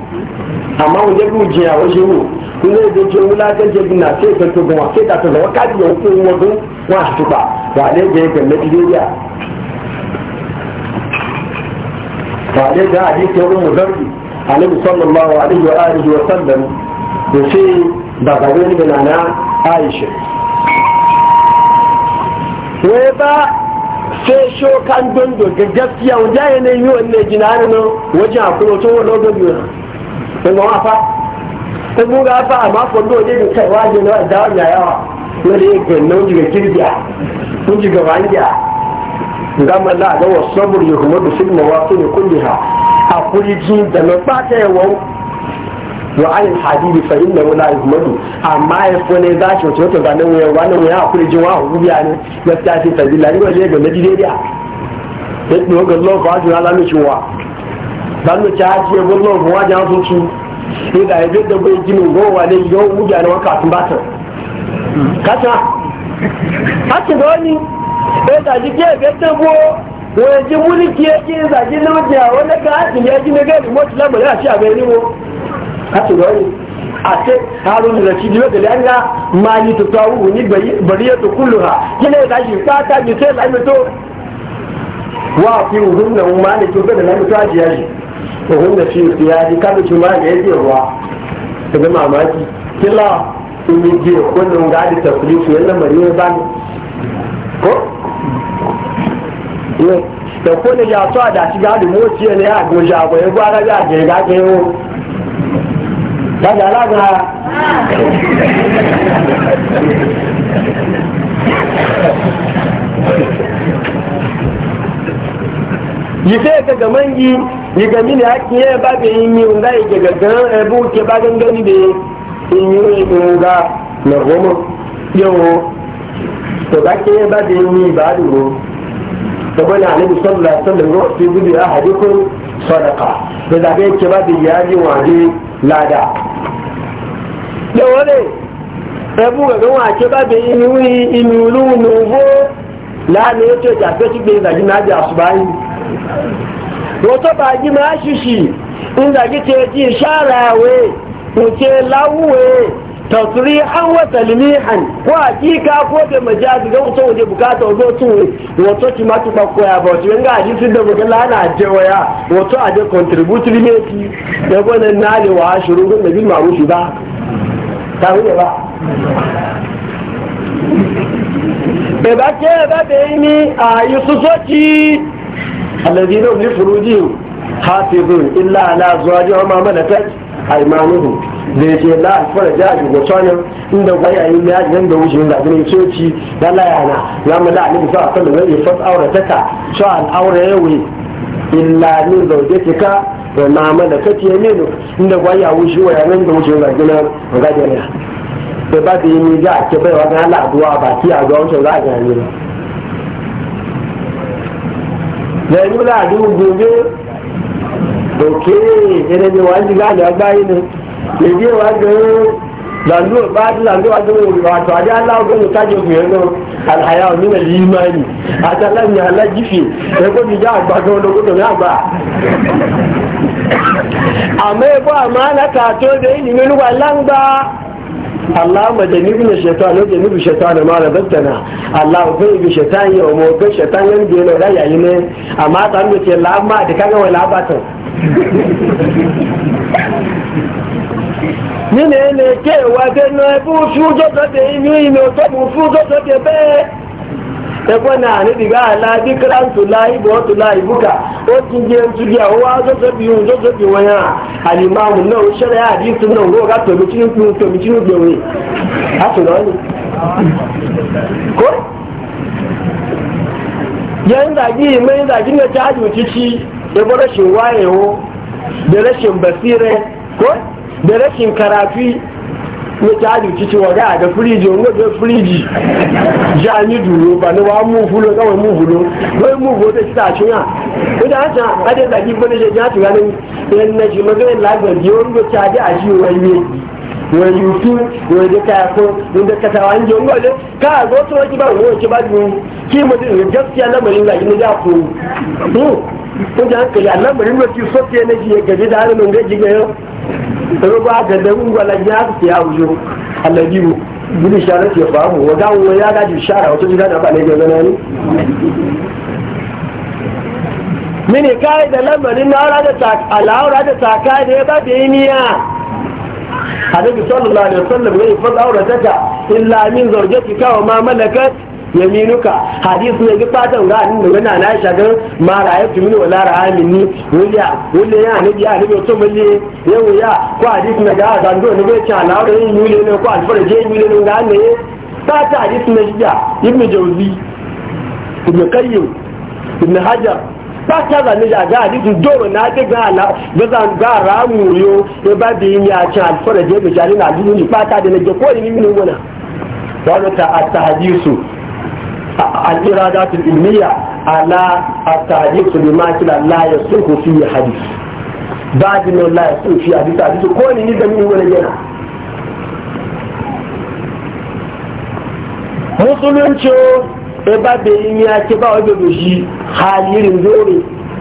amma wajen ruje a wajen wu kuma da je wula ta je na sai ta to wa sai ta to wa ka ji ko wa wa ba ba ne ga ga فعليه ده حديث يوم مزري عليه صلى الله عليه وآله وسلم وشي بغير من أنا عايشة ويبا sai sho kan dondo ga gaskiya wanda ya ne yi wannan jinani nan wajen akwai wato wannan gobe na kuma ma fa ko mu ga fa a ko do ne kai waje na da yawa ne ga nan diga kirgiya kun ji ga gama la ga wasabur ya kuma da sigma wato ne ha a kurijin da na bata yawon wa ayin hadidi fa inna wala yuhmadu amma ya fone za ki wato to ga nan waya wannan waya a kurijin wa hubiya ne gaskiya ce sabila ni ba je ga nadi dai da ya ɗo ga Allah ba ji ala mi ciwa dan mu ci haji ya bullo mu waje an sunci ni da yaje da bai ginin gowa ne yau hubiya ne waka tun bata kaca kace da wani ẹ̀ẹ́dàjí kí ẹ̀gẹ́ tẹ́gbó wọ́n ti mú ní kí ẹjí ń zàjí lóúnjẹ àwọn lẹ́ka láti ní ẹjí ní gẹ́ẹ̀lì mọ́tì lágbẹ̀rẹ́ àti àgbẹ̀ níwó láti lọ rí àti àrùn rẹ̀ ti dúró gẹ̀lẹ́ ńlá máa yí tuntun awúwo ní bẹ̀rẹ̀ tó kúlù hà kí lè dájú ta ju sai láyé tó wá fi òhun nà ń máa lè tó bẹ̀rẹ̀ láyé tó àjẹ́ yìí òhun nà fi òfin àti kábíyèsí máa lè dè wá ẹgbẹ́ màmá kí kí lọ́ọ̀ ìmìdí òkú nà ń gáàdì tẹ̀kùlì ko ne da ko ne ya to da shiga da moci ne ya go ja go ya gwara ja ge ga ge o da da la ga yi sai ka ga mangi yi ga mini hakin ya ba da yin yi unga yi ga gan ebu ke ba gangani da yin yi unga na goma yau to ba ke ba da yi ba da ro to bane annabi sallallahu alaihi wasallam ro fi gudu sadaqa da da ke ke ba da waje lada da wale ebu ga wa ke ba da yi ni ulu la ne to ja ke gbe da jina ja subai ro to ba ji ma shishi in da ji te ji sharawe ko ce Tasiri tasrihan wa talmihan ko hakika ko da majazi ga wato waje bukata wato tun wato ki ma tuka koya ba wato ga hadisi da muka lana aje waya wato aje je contributory ne ki da gona na le wa shiru ga nabi ba ta ne ba be ba ke ba be ni a yususoci alladhina li furujihim hafizun illa ala azwajihim ma malakat aymanuhum da ya ce la fara ja shi gwasanin inda kwai a yi ya ji yadda wuce da gani soci da layana ya mu la alibi sa'a sallu zai fas aure taka so an aure yawe illa min zaujatika wa ma malakati yaminu inda kwai ya wuce wa yanan da wuce da gani ga jami'a da ba da yi ni ga ke bai wa ga la'aduwa ba ki a ga wancan za a gani ba da yi la'adu gobe ok yanayi wa an ji gane a bayi ne lèdí wa gan làlú bá làlú wa gan wò wà tó adé aláwọ gan nìka jẹ fìyẹn náà àlàyé àwọn nínú yìí máa nì àtàlà ní alájífì ẹgbẹ́ mi já àgbà gan lóko tó ní àgbà. àmọ́ ẹ̀kọ́ àmọ́ alákà tó dé ìlú mi wà láǹgbà. اللهم جنبنا الشيطان وجنب الشيطان ما رزقتنا الله وفي بشيطان يوم وفي الشيطان يوم بينا لا يعلمه أما تعمل الله ما أدكاك ولا باتن nínú ẹni ké ìwà gẹ́nu ẹbú fújọ́ tọ́tẹ̀ inú ìmì òtọ́bù fújọ́ tọ́tẹ̀ bẹ́ẹ̀ ẹgbọ́n náà nídìgbà aláàbí kíláǹtò láìbò ọ̀tò láìbùkà ó ti jẹ ntúbi àwọn azọ́tọ́ ohun tọ́tọ́ wọn yàn àlìmáàmù náà ó ṣẹlẹ̀ àdìsí náà wọ́n ká tòmí tí ń tòmí tí ń gbèrè àtúnà ni. kó yẹn dàgí ìmọ̀ yẹn dàgí ní ọjà àjò ṣe wáyé wọn bẹ̀rẹ̀ ṣe kó. da rashin karafi na tari cici waga da firiji wani da firiji ja ni duro ba ni wa mu fulo kawai mu fulo wai mu fulo da kita cinya wanda an san adin da ki bane ya tuga nan yan na ji magana lagar biyo wani da tari a ji wai ne wai yutu wai da ka ko inda ka tawa an ji wani da ka zo to ki ba wani ki ba ki mu din gaskiya lamarin da ki ne da ko ko da hankali Allah bari mu ci ne ji da halin ga ji ga yau ga da mun wala ya ci ya wujo Allah ji mu gudu shara ce ba mu wa dawo ya ga ji shara wato ji da ba ne ga kai da lamarin na da tak alaura da taka da ya ba da sallallahu alaihi wasallam ya aurata illa min wa ma malakat yaminuka hadisu ne duk fatan ga annabi wani na shagar ma ra'aytu min wala ra'amin ni wuliya wuliya annabi ya annabi to ko hadisu ne ga ne bai cha na yin yule ne ko alfarje yule ne ga ne fata hadisi ne shida ibnu jawzi ibnu qayyim ibnu hajar fata ga ne ga na ga ga ga zan ga ramu yo ba bi a cha alfarje ga jali na dudu ni fata da ne ko ni min wona wani ta a tahadisu الإرادات العلمية على التعليق بما كلا لا يصلح فيه حديث بعد ما لا يصلح فيه حديث حديث كل نزمين ولا جنا musulunci eba da yin ya ke ba wajen da shi halirin dore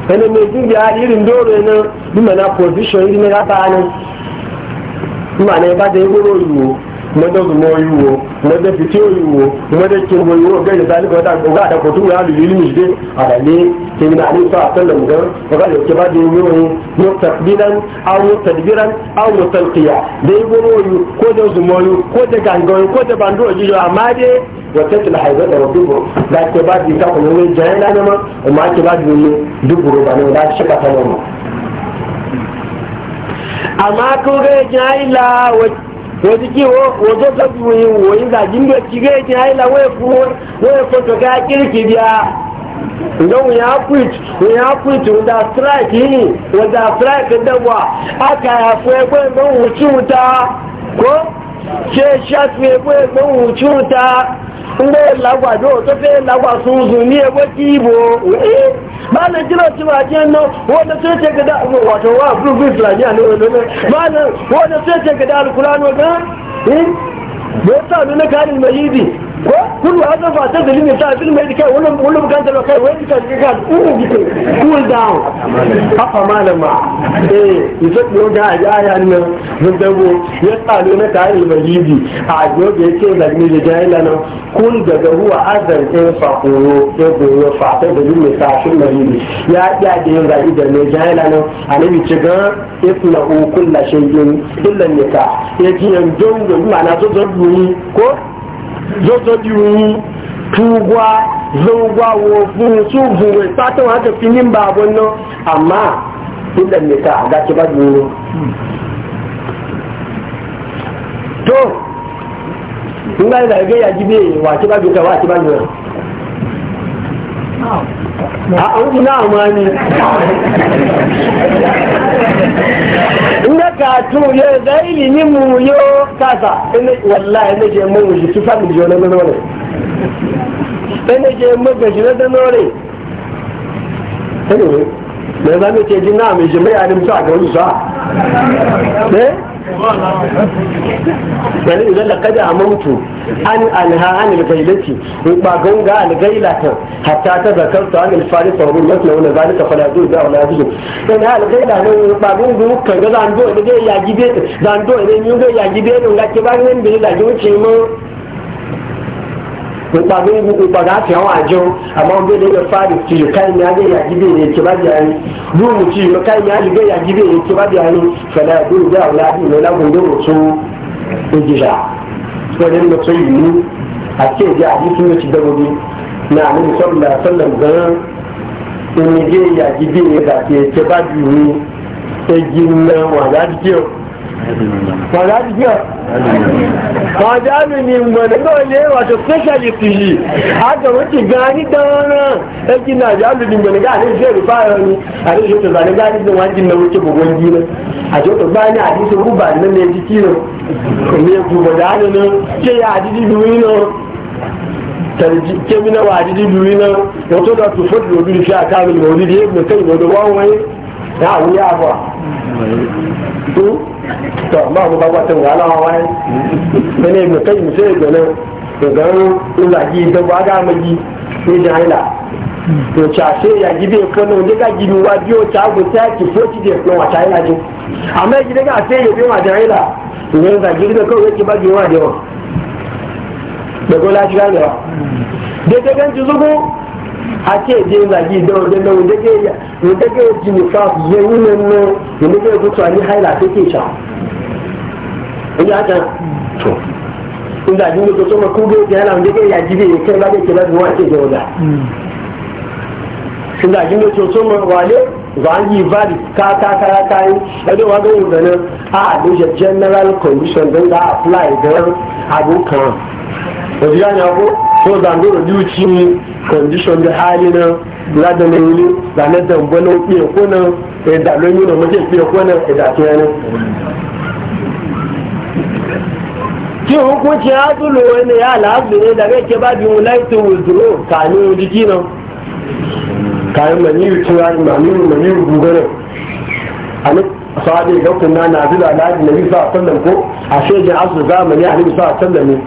wani mai jirgi halirin dore na bi mana position e yi na gaba nan ma da ya goro yiwu mọ́tò tó mọ́ yi wo mọ́tò fìtí òyìn wo mọ́tò kí n bọ yìí wo a sáà nípa ọ̀dà ọ̀gá àdàkọ̀ tó wà lùlù ìlú ìdè àdàlẹ́ kìnnì àlẹ́ sọ àtẹlẹ nǹkan ọ̀gá yóò kí bá di ìwé wọn yóò tàbíran àwọn tàbíran yi ko dé ìgbóró yìí kó dé oṣù mọ́ yìí kó dé yi yìí kó dé bàndó òjijì àmàdé wọ́tẹ́tì làhàìbẹ́ ọ̀rọ̀ bíbọ̀ láti bá di ìtakùn ìwé jẹ́ ẹ́ lánàmọ́ ọmọ àti bá di ìwé dúbùrú bàní ọ̀dà ṣẹ́pàtà lọ́mọ. àmọ́ akúrẹ́ jẹ́ àìlà wọ́tẹ́ wọ́n ti kí wọ́n tó tó fi wòye wòye nga jíndé tìgé tí ayé la wọ́n fún wọn wọ́n fún tó da strike da strike aka ya fún ẹgbẹ́ ko wọ́n tún ta ko. ṣe ṣáàtì epo epo òtú ta ńgbé làgbàdo tó fẹ́ làgbàsúnzù ní epo tí ìbò bá lè jílọ̀ tí wà jẹ́ náà wọ́n lè tó ṣe gẹ̀dá wàtò wà fúrúfú ìfìlàní àná olóòlò bá lè wọ́n lè tó ṣe gẹ̀dá ko kullu hada fa ta dalil ne ta fil mai kai wannan wannan kan da kai wai ka ka ku gite cool down afa malama eh yace do ga aya nan mun dago ya tsalo na ta yi majidi a gobe yace da ni da jahila nan kun daga huwa azan in fa koro ya fa ta dalil ne ta fil majidi ya ya da yin zaki da ne jahila nan annabi ce ga isla kullu shay'in illa nikah yaji yan jongo na zo zo ko zozoji wu tugwa zaugwa wo fun su buwe fatan haka finin babon nan amma inda me ta ga ki ba duro to in ga da ga ya jibe wa ba wa ba a an ina amani ina ka tuyo da ilimi mu yo kasa ina wallahi ina je mun wuce su fa miliyon na nore ina je mun gaji na nore me za ne ce na mai jami'a ne mutu a garin sa bari idan da kada a mautu an anha an algailati in ba gonga algailata hatta ta zakar ta an alfari ta hurin na launa zalika fala zuwa da wala zuwa in ha algaila ne ba gonga kan ga zando ne ga yaji be zando ne ni ga yaji be ne ga ke ba ne da yaji wuce mu nípa bí nípa láti àwọn àjọ àmọ́ gbélé lọ fáàrí tí yóò káyìn ní alẹ́ yàgí bèèrè tí bá jà ní rúùmù tí yóò káyìn ní alẹ́ yàgí bèèrè tí bá jà ní fẹ̀lẹ́ ìgbéró bí àwọn láti ìlú lágùndé wò tó ìjìyà pẹ̀lú ẹni tó ìlú àti èdè àdísú ló ti dẹ́gbẹ́ bí náà ní ìsọ́bùlà sọ́lẹ̀ gan-an ìnìjẹ́ yàgí bèèrè àti ètò bá jù ní ẹjì náà wà láti Kọ̀dájú jẹ́ kọ̀dájú ni mọ̀lẹ́gbẹ̀ olè wàtò specialist yìí, àjọ̀wọ́ ti gan ní dánrán ẹjí náà jálù ni mọ̀lẹ́gbẹ̀ àdéjọ́ ìrùfà ẹni, àdéjọ́ tó bá nígbà nígbà wọ́n jí náà tó gbogbo ń jí náà. Àjọ́ tó bá ní àdíṣe rúbà nínú ẹjí kí lọ, èmi ẹgbù kọ̀dájú ni ṣé àdídí lu yín lọ. Kẹ́mi náà wà àdídí lu yín lọ, wọ́n tó lọ tó fọ́tò lóbi to amma mu babu watan ga alawa wai ne mu kai mu sai gane to ga in zagi da ba ga maji sai da haila to cha sai ya ko no da ga gibe wa biyo cha go ta ki so ki je ko wa ta ji amma gide ga sai ya be ma da haila to ne zagi da ko yake ba ge wa da wa da go la shi ga da da ga zugo ake je na gi da wanda da wanda ke ya wanda ke ji ni fa ye wunan no wanda ke ku to ani haila ke ke sha ta to ji to ma ku na wanda ke ya ji be ke ba ke ba wa ke da ji to ma wale zangi vari ka ka ka ya kai da wa ga wanda nan a da general condition don da apply da abokan wajen ya ko so da ndoro diuci condition da hali na lada na yi da na dambo na uke kuna da da yi na mace uke kuna da da ke ki hukunci ya dulo wani ya alhazu ne daga ke ba bi mulai to withdraw kanu jiki na kayan maniyu mani yi maniyu na a nan sahabi ga kunna na zuwa aladu na yi sa sallan ko a shejin asu zamani a nabi a sallan ne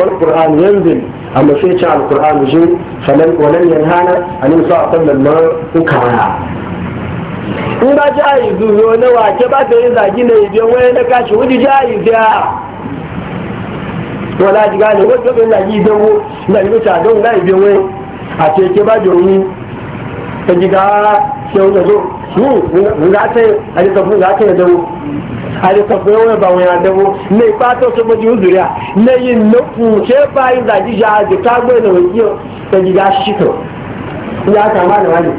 wal qur'an amma sai ce alkur'ani shi falan wannan yanhana anin sa kan nan ukara in ba ji ayi zuwa na wake ba ta yi zagi na ibe wani na kashi wuji ji ayi zuwa wala ji gane wajen zagi ibe wo na ibe ta don na ibe wani a teke ba domin ta ji ga shehu da zo mun ga ta ali tafu ga ta dawo ali tafu yawa ba wani dawo ne ba ta maji uzuriya ne yin nufu ce ba yin zaji ja ji ta gwe da wakiyo ta ji ga shi to ya kama da wani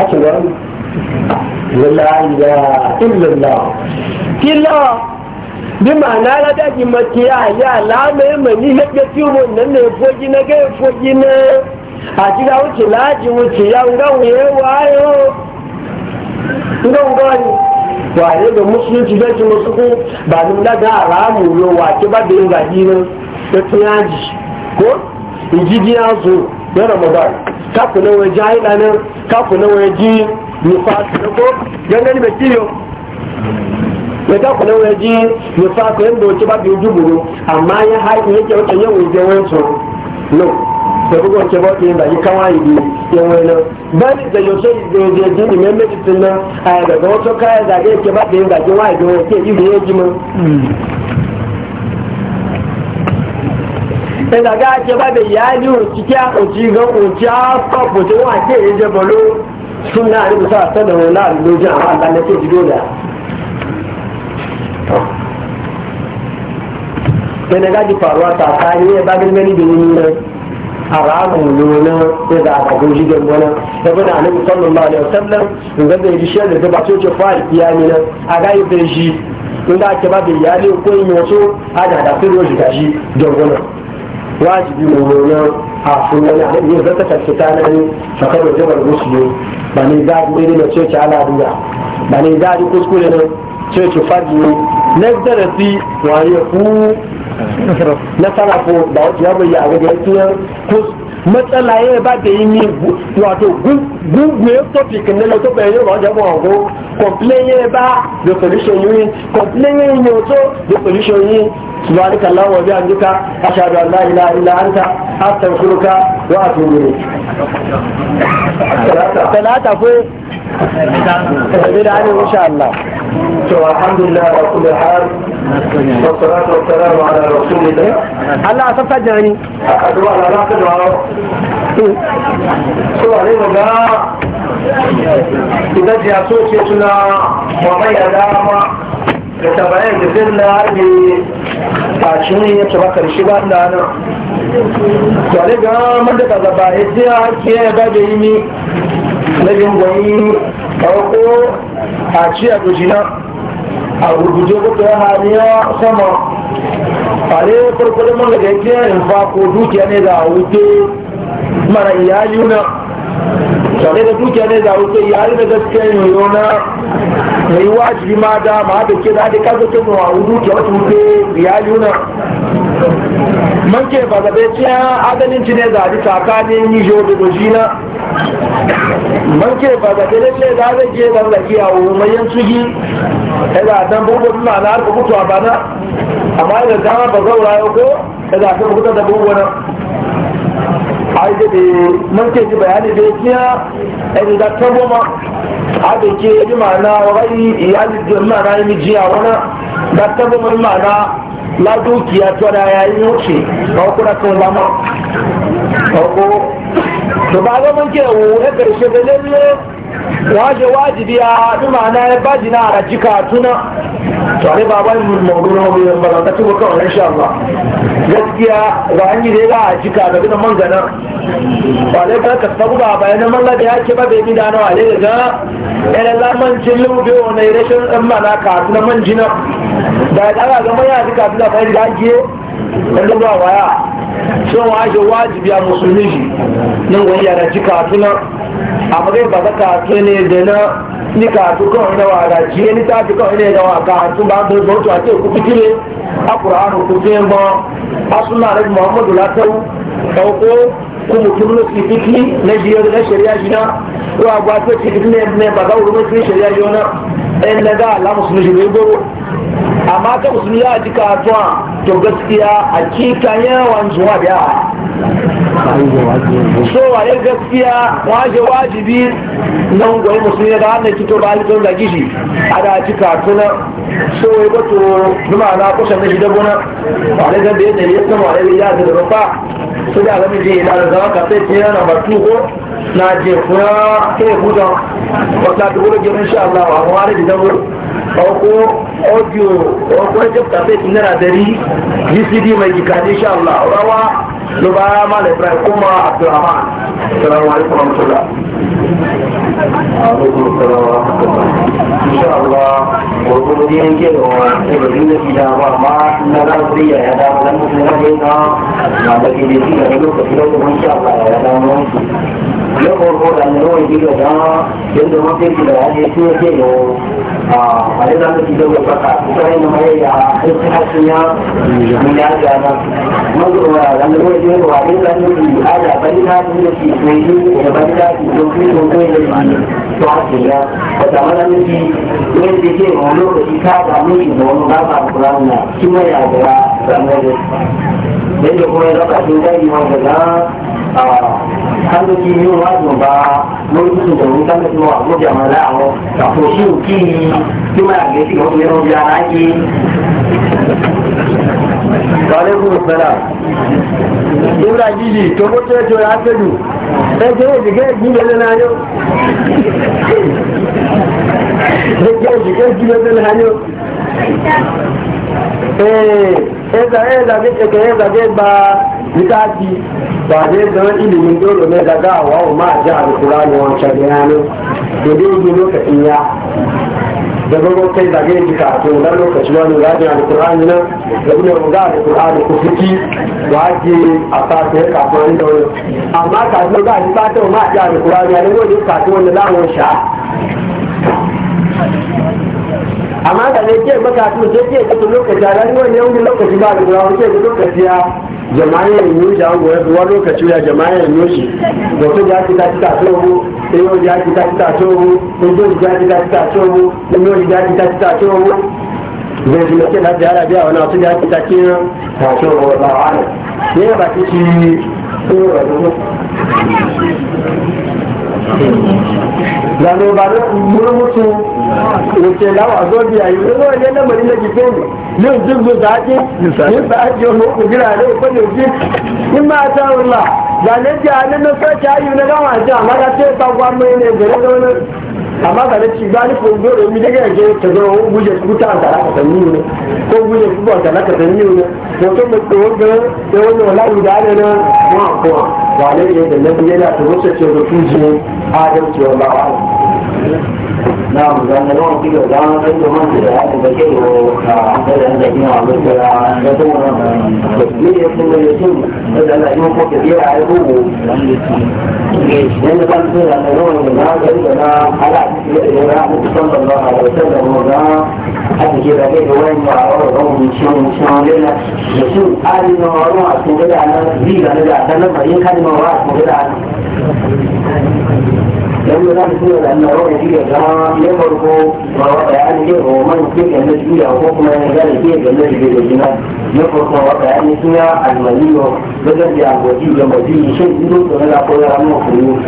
a ce garin lillahi la illallah killa bi ma'ana la da ji makiya ya la mai mani na ga ciwo nan ne fogi na fo fogi na a ìyàwó tì láàjì mu tì ya ngáwó yẹn wà á wa ngáwó ni wà á yẹ mùsùlùmí ti bẹ́ẹ̀ tí mo sunkún bàánú dáadáa àràámù ló wà á ké bá bẹ̀rẹ̀ nga yìí lọ ètò yẹn á jì kó ìjíjí na zò ní ramadan kápò náà wọ́n waje àyílá náà kápò náà wọ́n jí nípa àtúnkó gẹ́gẹ́ níbẹ̀ tí yọ yadda kuna waje ya fasa yadda wace ba biyu juburu amma ya haifin yake wata yawan jawon su no da bugun ke ba yin da yi kama yi bi yan wani ba ni da yau sai da yau jini mai mai jitin nan a daga wato kayan zage ke ba yin zage wa ga ke yi da yaji mun ɗan daga ake ba da iyali wuci kya wuci ga wuci a kwafu ta wa ke yi jabalo sun na ni musa ta da wani alilojin a na ke e faruwa ta kayan yi e ba gani gani da yi haramun nuna ya da aka guji da wani da bada annabi sallallahu alaihi wasallam in ga da shi da ba to ce fari kiyami nan a ga yi da shi in da ake ba da ko yin wato ana da su roji da shi da wani wajibi mu nuna a sunan annabi ya zata kaskata nan fa kai da jabar musulmi ba ne za ku ne ce ce ala dura ba ne za ku kuskure ne ce ce fadi ne nazarati wa yaku nasara ko da wata ya bayyana ko matsala ya ba da yi ni wato gungun topic ne na to ba wajen ko complain ya ba solution yi complain ya yi to the solution yi subhanaka allah wa ashhadu an la ilaha illa anta astaghfiruka wa atubu ilayk ko بدعة إن شاء الله الحمد لله على كل حال والصلاة والسلام على رسول الله الله أصبت أجعني أدعو على ناقل سوى علينا جاء إذا جاء سوشيتنا ومن يدام لتبعين بذلنا باشini ya taba karshe ba da nan tare ga manda ka zaba ya ce ake ya gaje yi lẹ́yìn ń wọ̀nyí ọ̀rọ̀ kó àti àgbèjì náà àgbèjì ó tó ha ní ọ́ sọ́mọ́ ale farko mun daga yake fa ko dukiya ne da wuce mara iyali na tare da dukiya ne da wuce iyali da gaskiya yoyo na mai wajibi ma da ma da ke da ka zo ke wa wudu ke wata wuce iyali na man ke ba zabe ciya ah, adalin ci ne da ji tsakanin yi jo da goji na man ke ba zabe ne ce da zai ke da a wuri mai yan sugi za da dan bugu na na harka mutuwa bana amma da dama ba zaura yau ko ya da ta da bugu na aje da manke ji bayani da kiya en da tobo ma aje ke ji mana rai iyali da mana ni ji a wana da tobo ma mana la dukiya to da yayi wuce ba ku da kan lama ko to ba ga mun ke na karshe da lalle waje wajibi a haɗu ma'ana ya ba jina a jika tuna tare ne ba ba mu mawdu na wurin ba ka ci ko kawai insha Allah gaskiya ba an yi da a jika da gidan man gana ba ne ka tabu ba ba ne man ya ke ba bai da nawa ne ga ina la man jillu bi rashin ɗan mana ka tuna man jina da ga ga mun ya jika da bai da ke wani ba waya sun waje wajibi a musulmi shi nan wani yana ci katuna a magai ba ka katu ne da na ni katu kawai na wada jiye ni tafi kawai ne da waka hatu ba da zuwa a ce ku fitire a ƙura'an ku fiye ba a suna da muhammadu latau ɗauko ku mutum na fitiki na biyar na shari'a jina ko a gwata fitiki ne ba za wurin shari'a jina ɗayan na ga musulmi ne goro amma ka musulmi ya ji kasuwa to gaskiya a kika yawan zuwa da so waye gaskiya waje wajibi nan goyi musulmi da hannun kito ba halittun da gishi a da ci katuna so wai bato numa na kusa na shida gona waye zan da yadda ya sama waye ya zai da rufa su da gami je da zama ka sai tiya na batu ko na je kuna kai hudan wata duk wani girin sha Allah wa kuma da zama ọkọ ọjọ ọkọ ko pàtàkì náírà dẹrí yìí sí di mọ ìjìká ní Allah ọ̀rọ̀ ló bá má lè fẹ́ kó a abdulrahman sọ̀rọ̀ wa ní kọ́mọ̀ tó la. Insha Allah, gwargwado da yanke da wa tsibirin da gida ba ma na za su iya ya damu na mutum na bai na ma da ke da shi ga lokaci da kuma insha Allah ya damu luego por el nuevo equipo ya yendo más bien que la haya sido que o a varias veces que yadda kuma ya zaka sun wanda na hanyoyi yin ba lokacin da mun a shi ki ki ma ga shi wani yaro ya rage Wàlẹ́kùn ìfẹ́lá. Ìwúra jíjì tó kó tó ètò ìrántẹ́jù, ẹgbẹ́ ìdíkẹ́ ìgbìyànjẹ́ náà yóò. zage zage ce kai zage ba litafi ba dai da ilimin dole ne da wa ma ji alqur'ani wancan bayanin da dai yi lokacin ya da gogo kai zage ji ka to dan lokacin wani rajin alqur'ani nan da kuma ga alqur'ani ku fiki wa ji a ta ka fara da wani amma ka zo ga ji ta ma ji alqur'ani ne ko ka to wannan lawo sha amma da ne ke maka a sai ke kato lokaci a ranar wani yawon lokaci ba da gura ke lokaci ya jama'a yin yi da wani duwa lokaci ya jama'a yin yi shi wato ya ci ta ci ta tohu ɗayo ya ci ta ci ta tohu ɗayo ya ci ta ci ta tohu ɗayo ya ci zai mace na ziyara biya wani wasu ya ci ta ci ta tohu ba wani ne ba ci ci ɗayo ba gano ba na murmusu wuce lawa a zobi a yi wani wani yana mari na gife ne yin jirgin zaƙi yin zaƙi wani hukun gira ne ko ne ji in ma ta wula ba ne ji a nan sai ta yi na gama ji amma ka ce ta kwa mai ne gare da wani amma ba na ci ba ni kun dole mi daga yake ta zo guje su ta da aka sanni ne ko guje su ba ta da aka ne ko to mu ko ga da wani wala da ne na ma ko wane ne da nabi yana da rusa ce da kuje adalci wa ba'a نعم لأن لهم في لأن عنده منزل عبد بكير وعبد الأنزكين وعبد الأنزكين كبير يسمى اليسوم بدأ الأيوم فوق كبير عيبوه لأن كان فيه أن لهم من هذا إذا على الإمام صلى الله عليه وسلم وقال حتى كده كده وين يعرضهم من شون من شون لنا يسوم قال إنه مروع اسمه كده على بيلا نجع سلم بعدين كان مروع اسمه كده على لأنه كان فيه أن لهم كده na farko ba wata ya ne o man ke ga na juya ko kuma ya ga ke ga na juya da jina na farko wata ya ne suna almaliyo da da ya goji da mabi shin ido to na ko ya mu ku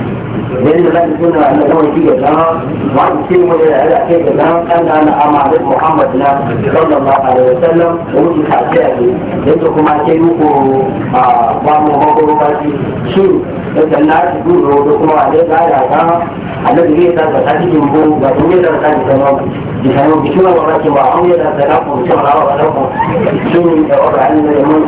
لأن لا يكون أن هو شيء كلام وعن كثير من العلماء كيف كلام أن أنا أمع بيت محمد صلى الله عليه وسلم ومشي حاجاتي لأنكم ما تيوكو بعض مقولاتي شيء لكن الناس يقولوا لكم عليه لا يعلم الذي يتابع هذه الأمور ويتابع هذه الأمور بسبب بشوى وراتي وعمية لا تلاقوا بشوى العرب لكم شيء يتابع عن الأمور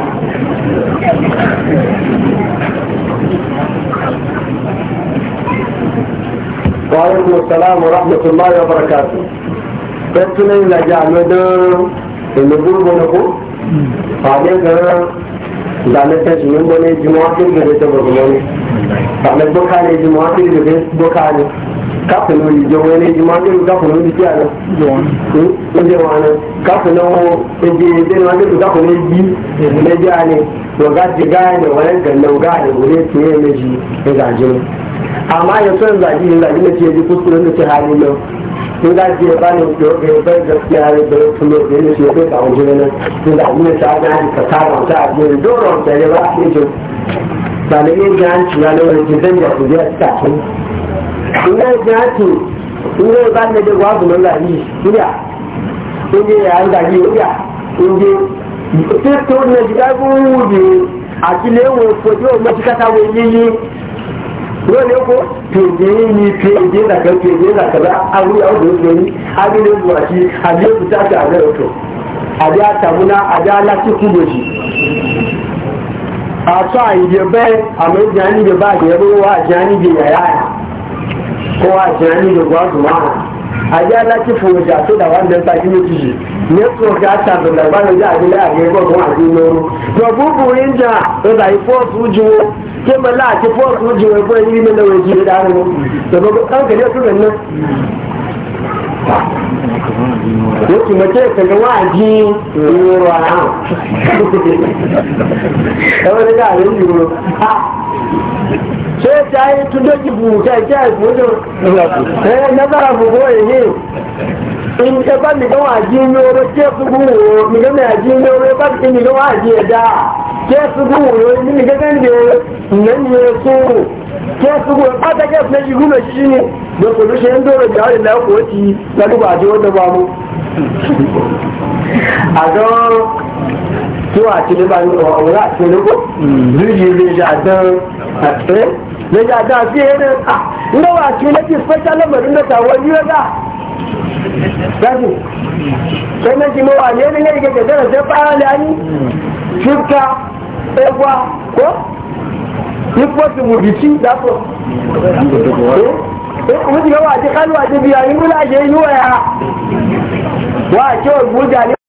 alaikum assalam wa rahmatullahi wa barakatuh tattunan na jami da ilugurgu na ko fane ga zalata shi yin gane jimawafin da zai tabar gumani fane boka ne jimawafin da zai boka ne kafin wani jimawafin ne jimawafin kafin wani fiya ne in jimawafin kafin wani jimawafin kafin wani bi ne jiya ne ga ji gane wani gallon gane wuri ce ya miji ya zaje amma ya son zaji ya zaji na ce ji kuskuren da ke hali ne in ga ji ya bani da ya bai gaskiya ya bai kuma da ya ce ya bai kawo jini nan da zaji na ce ji ka ta a jini doron ta ya ba a ce jin ba na yin jihanci na lawar ji zan ya kuje a cika ce in ji jihanci in ya ba ne da wabu na zaji ya in ya yi an zaji ya títún ní ìdílé gbòòdì àti léwu fojú ọmọ tí kátà wọ yíyí wọ́n ní kó pèdè ní pèdè nàkà pèdè nàkà bá awúyà ọ̀dọ̀ òṣèlú agbélébù àti àdéhùtà àti àbẹ̀ ọ̀tọ̀ àdé àtàmúná àdé alásìkú lòdì. àtọ́ àyè bẹ́ẹ̀ àmọ́ ìdí àníjọba àdéhùn wà àti àníjọ yàyà kó àti àníjọ gbọ́dùn máa. àyà láti fòwò da tó dà wà ní ẹ̀ta yìí méjì nẹ́tíwọ̀kì àtàbọ̀nà bá lọ́jà àdílé àgbẹ̀gbọ̀gbọ̀n àti lóru gbọ̀gbọ̀gbọ̀ yìí jà ọ̀dà ìfọ́ọ̀sù ju wo ké mọ́lá àti fọ́ọ̀sù ju wo ẹ̀fọ́ yìí mẹ́lẹ̀ wẹ̀ ne. yóò tún mọ̀ tí ẹ̀sẹ̀ ni wọ́n á jí in ka ba mi gawa ji yoro ke su guro mi ga mi ji yoro ba ki mi gawa ya da ke su guro mi mi ga gan de nan ne so ke su guro ba ta ke ne ji guro shi ne da ko dushe in dole da Allah ko ci da ba ji wanda ba mu a ga to a ci ne ba ni o ra ci ne ko zuri ne ja dan a tsaye ne ja da fi ne ah ina wa ci ne ki fata lamarin da ta wani ga gadi sai na jimo a ne ne sai fara da ni shirka egwa ko ikwati da ko ko eh, eh, ji ji kalwa ji biya ni mula je wa ke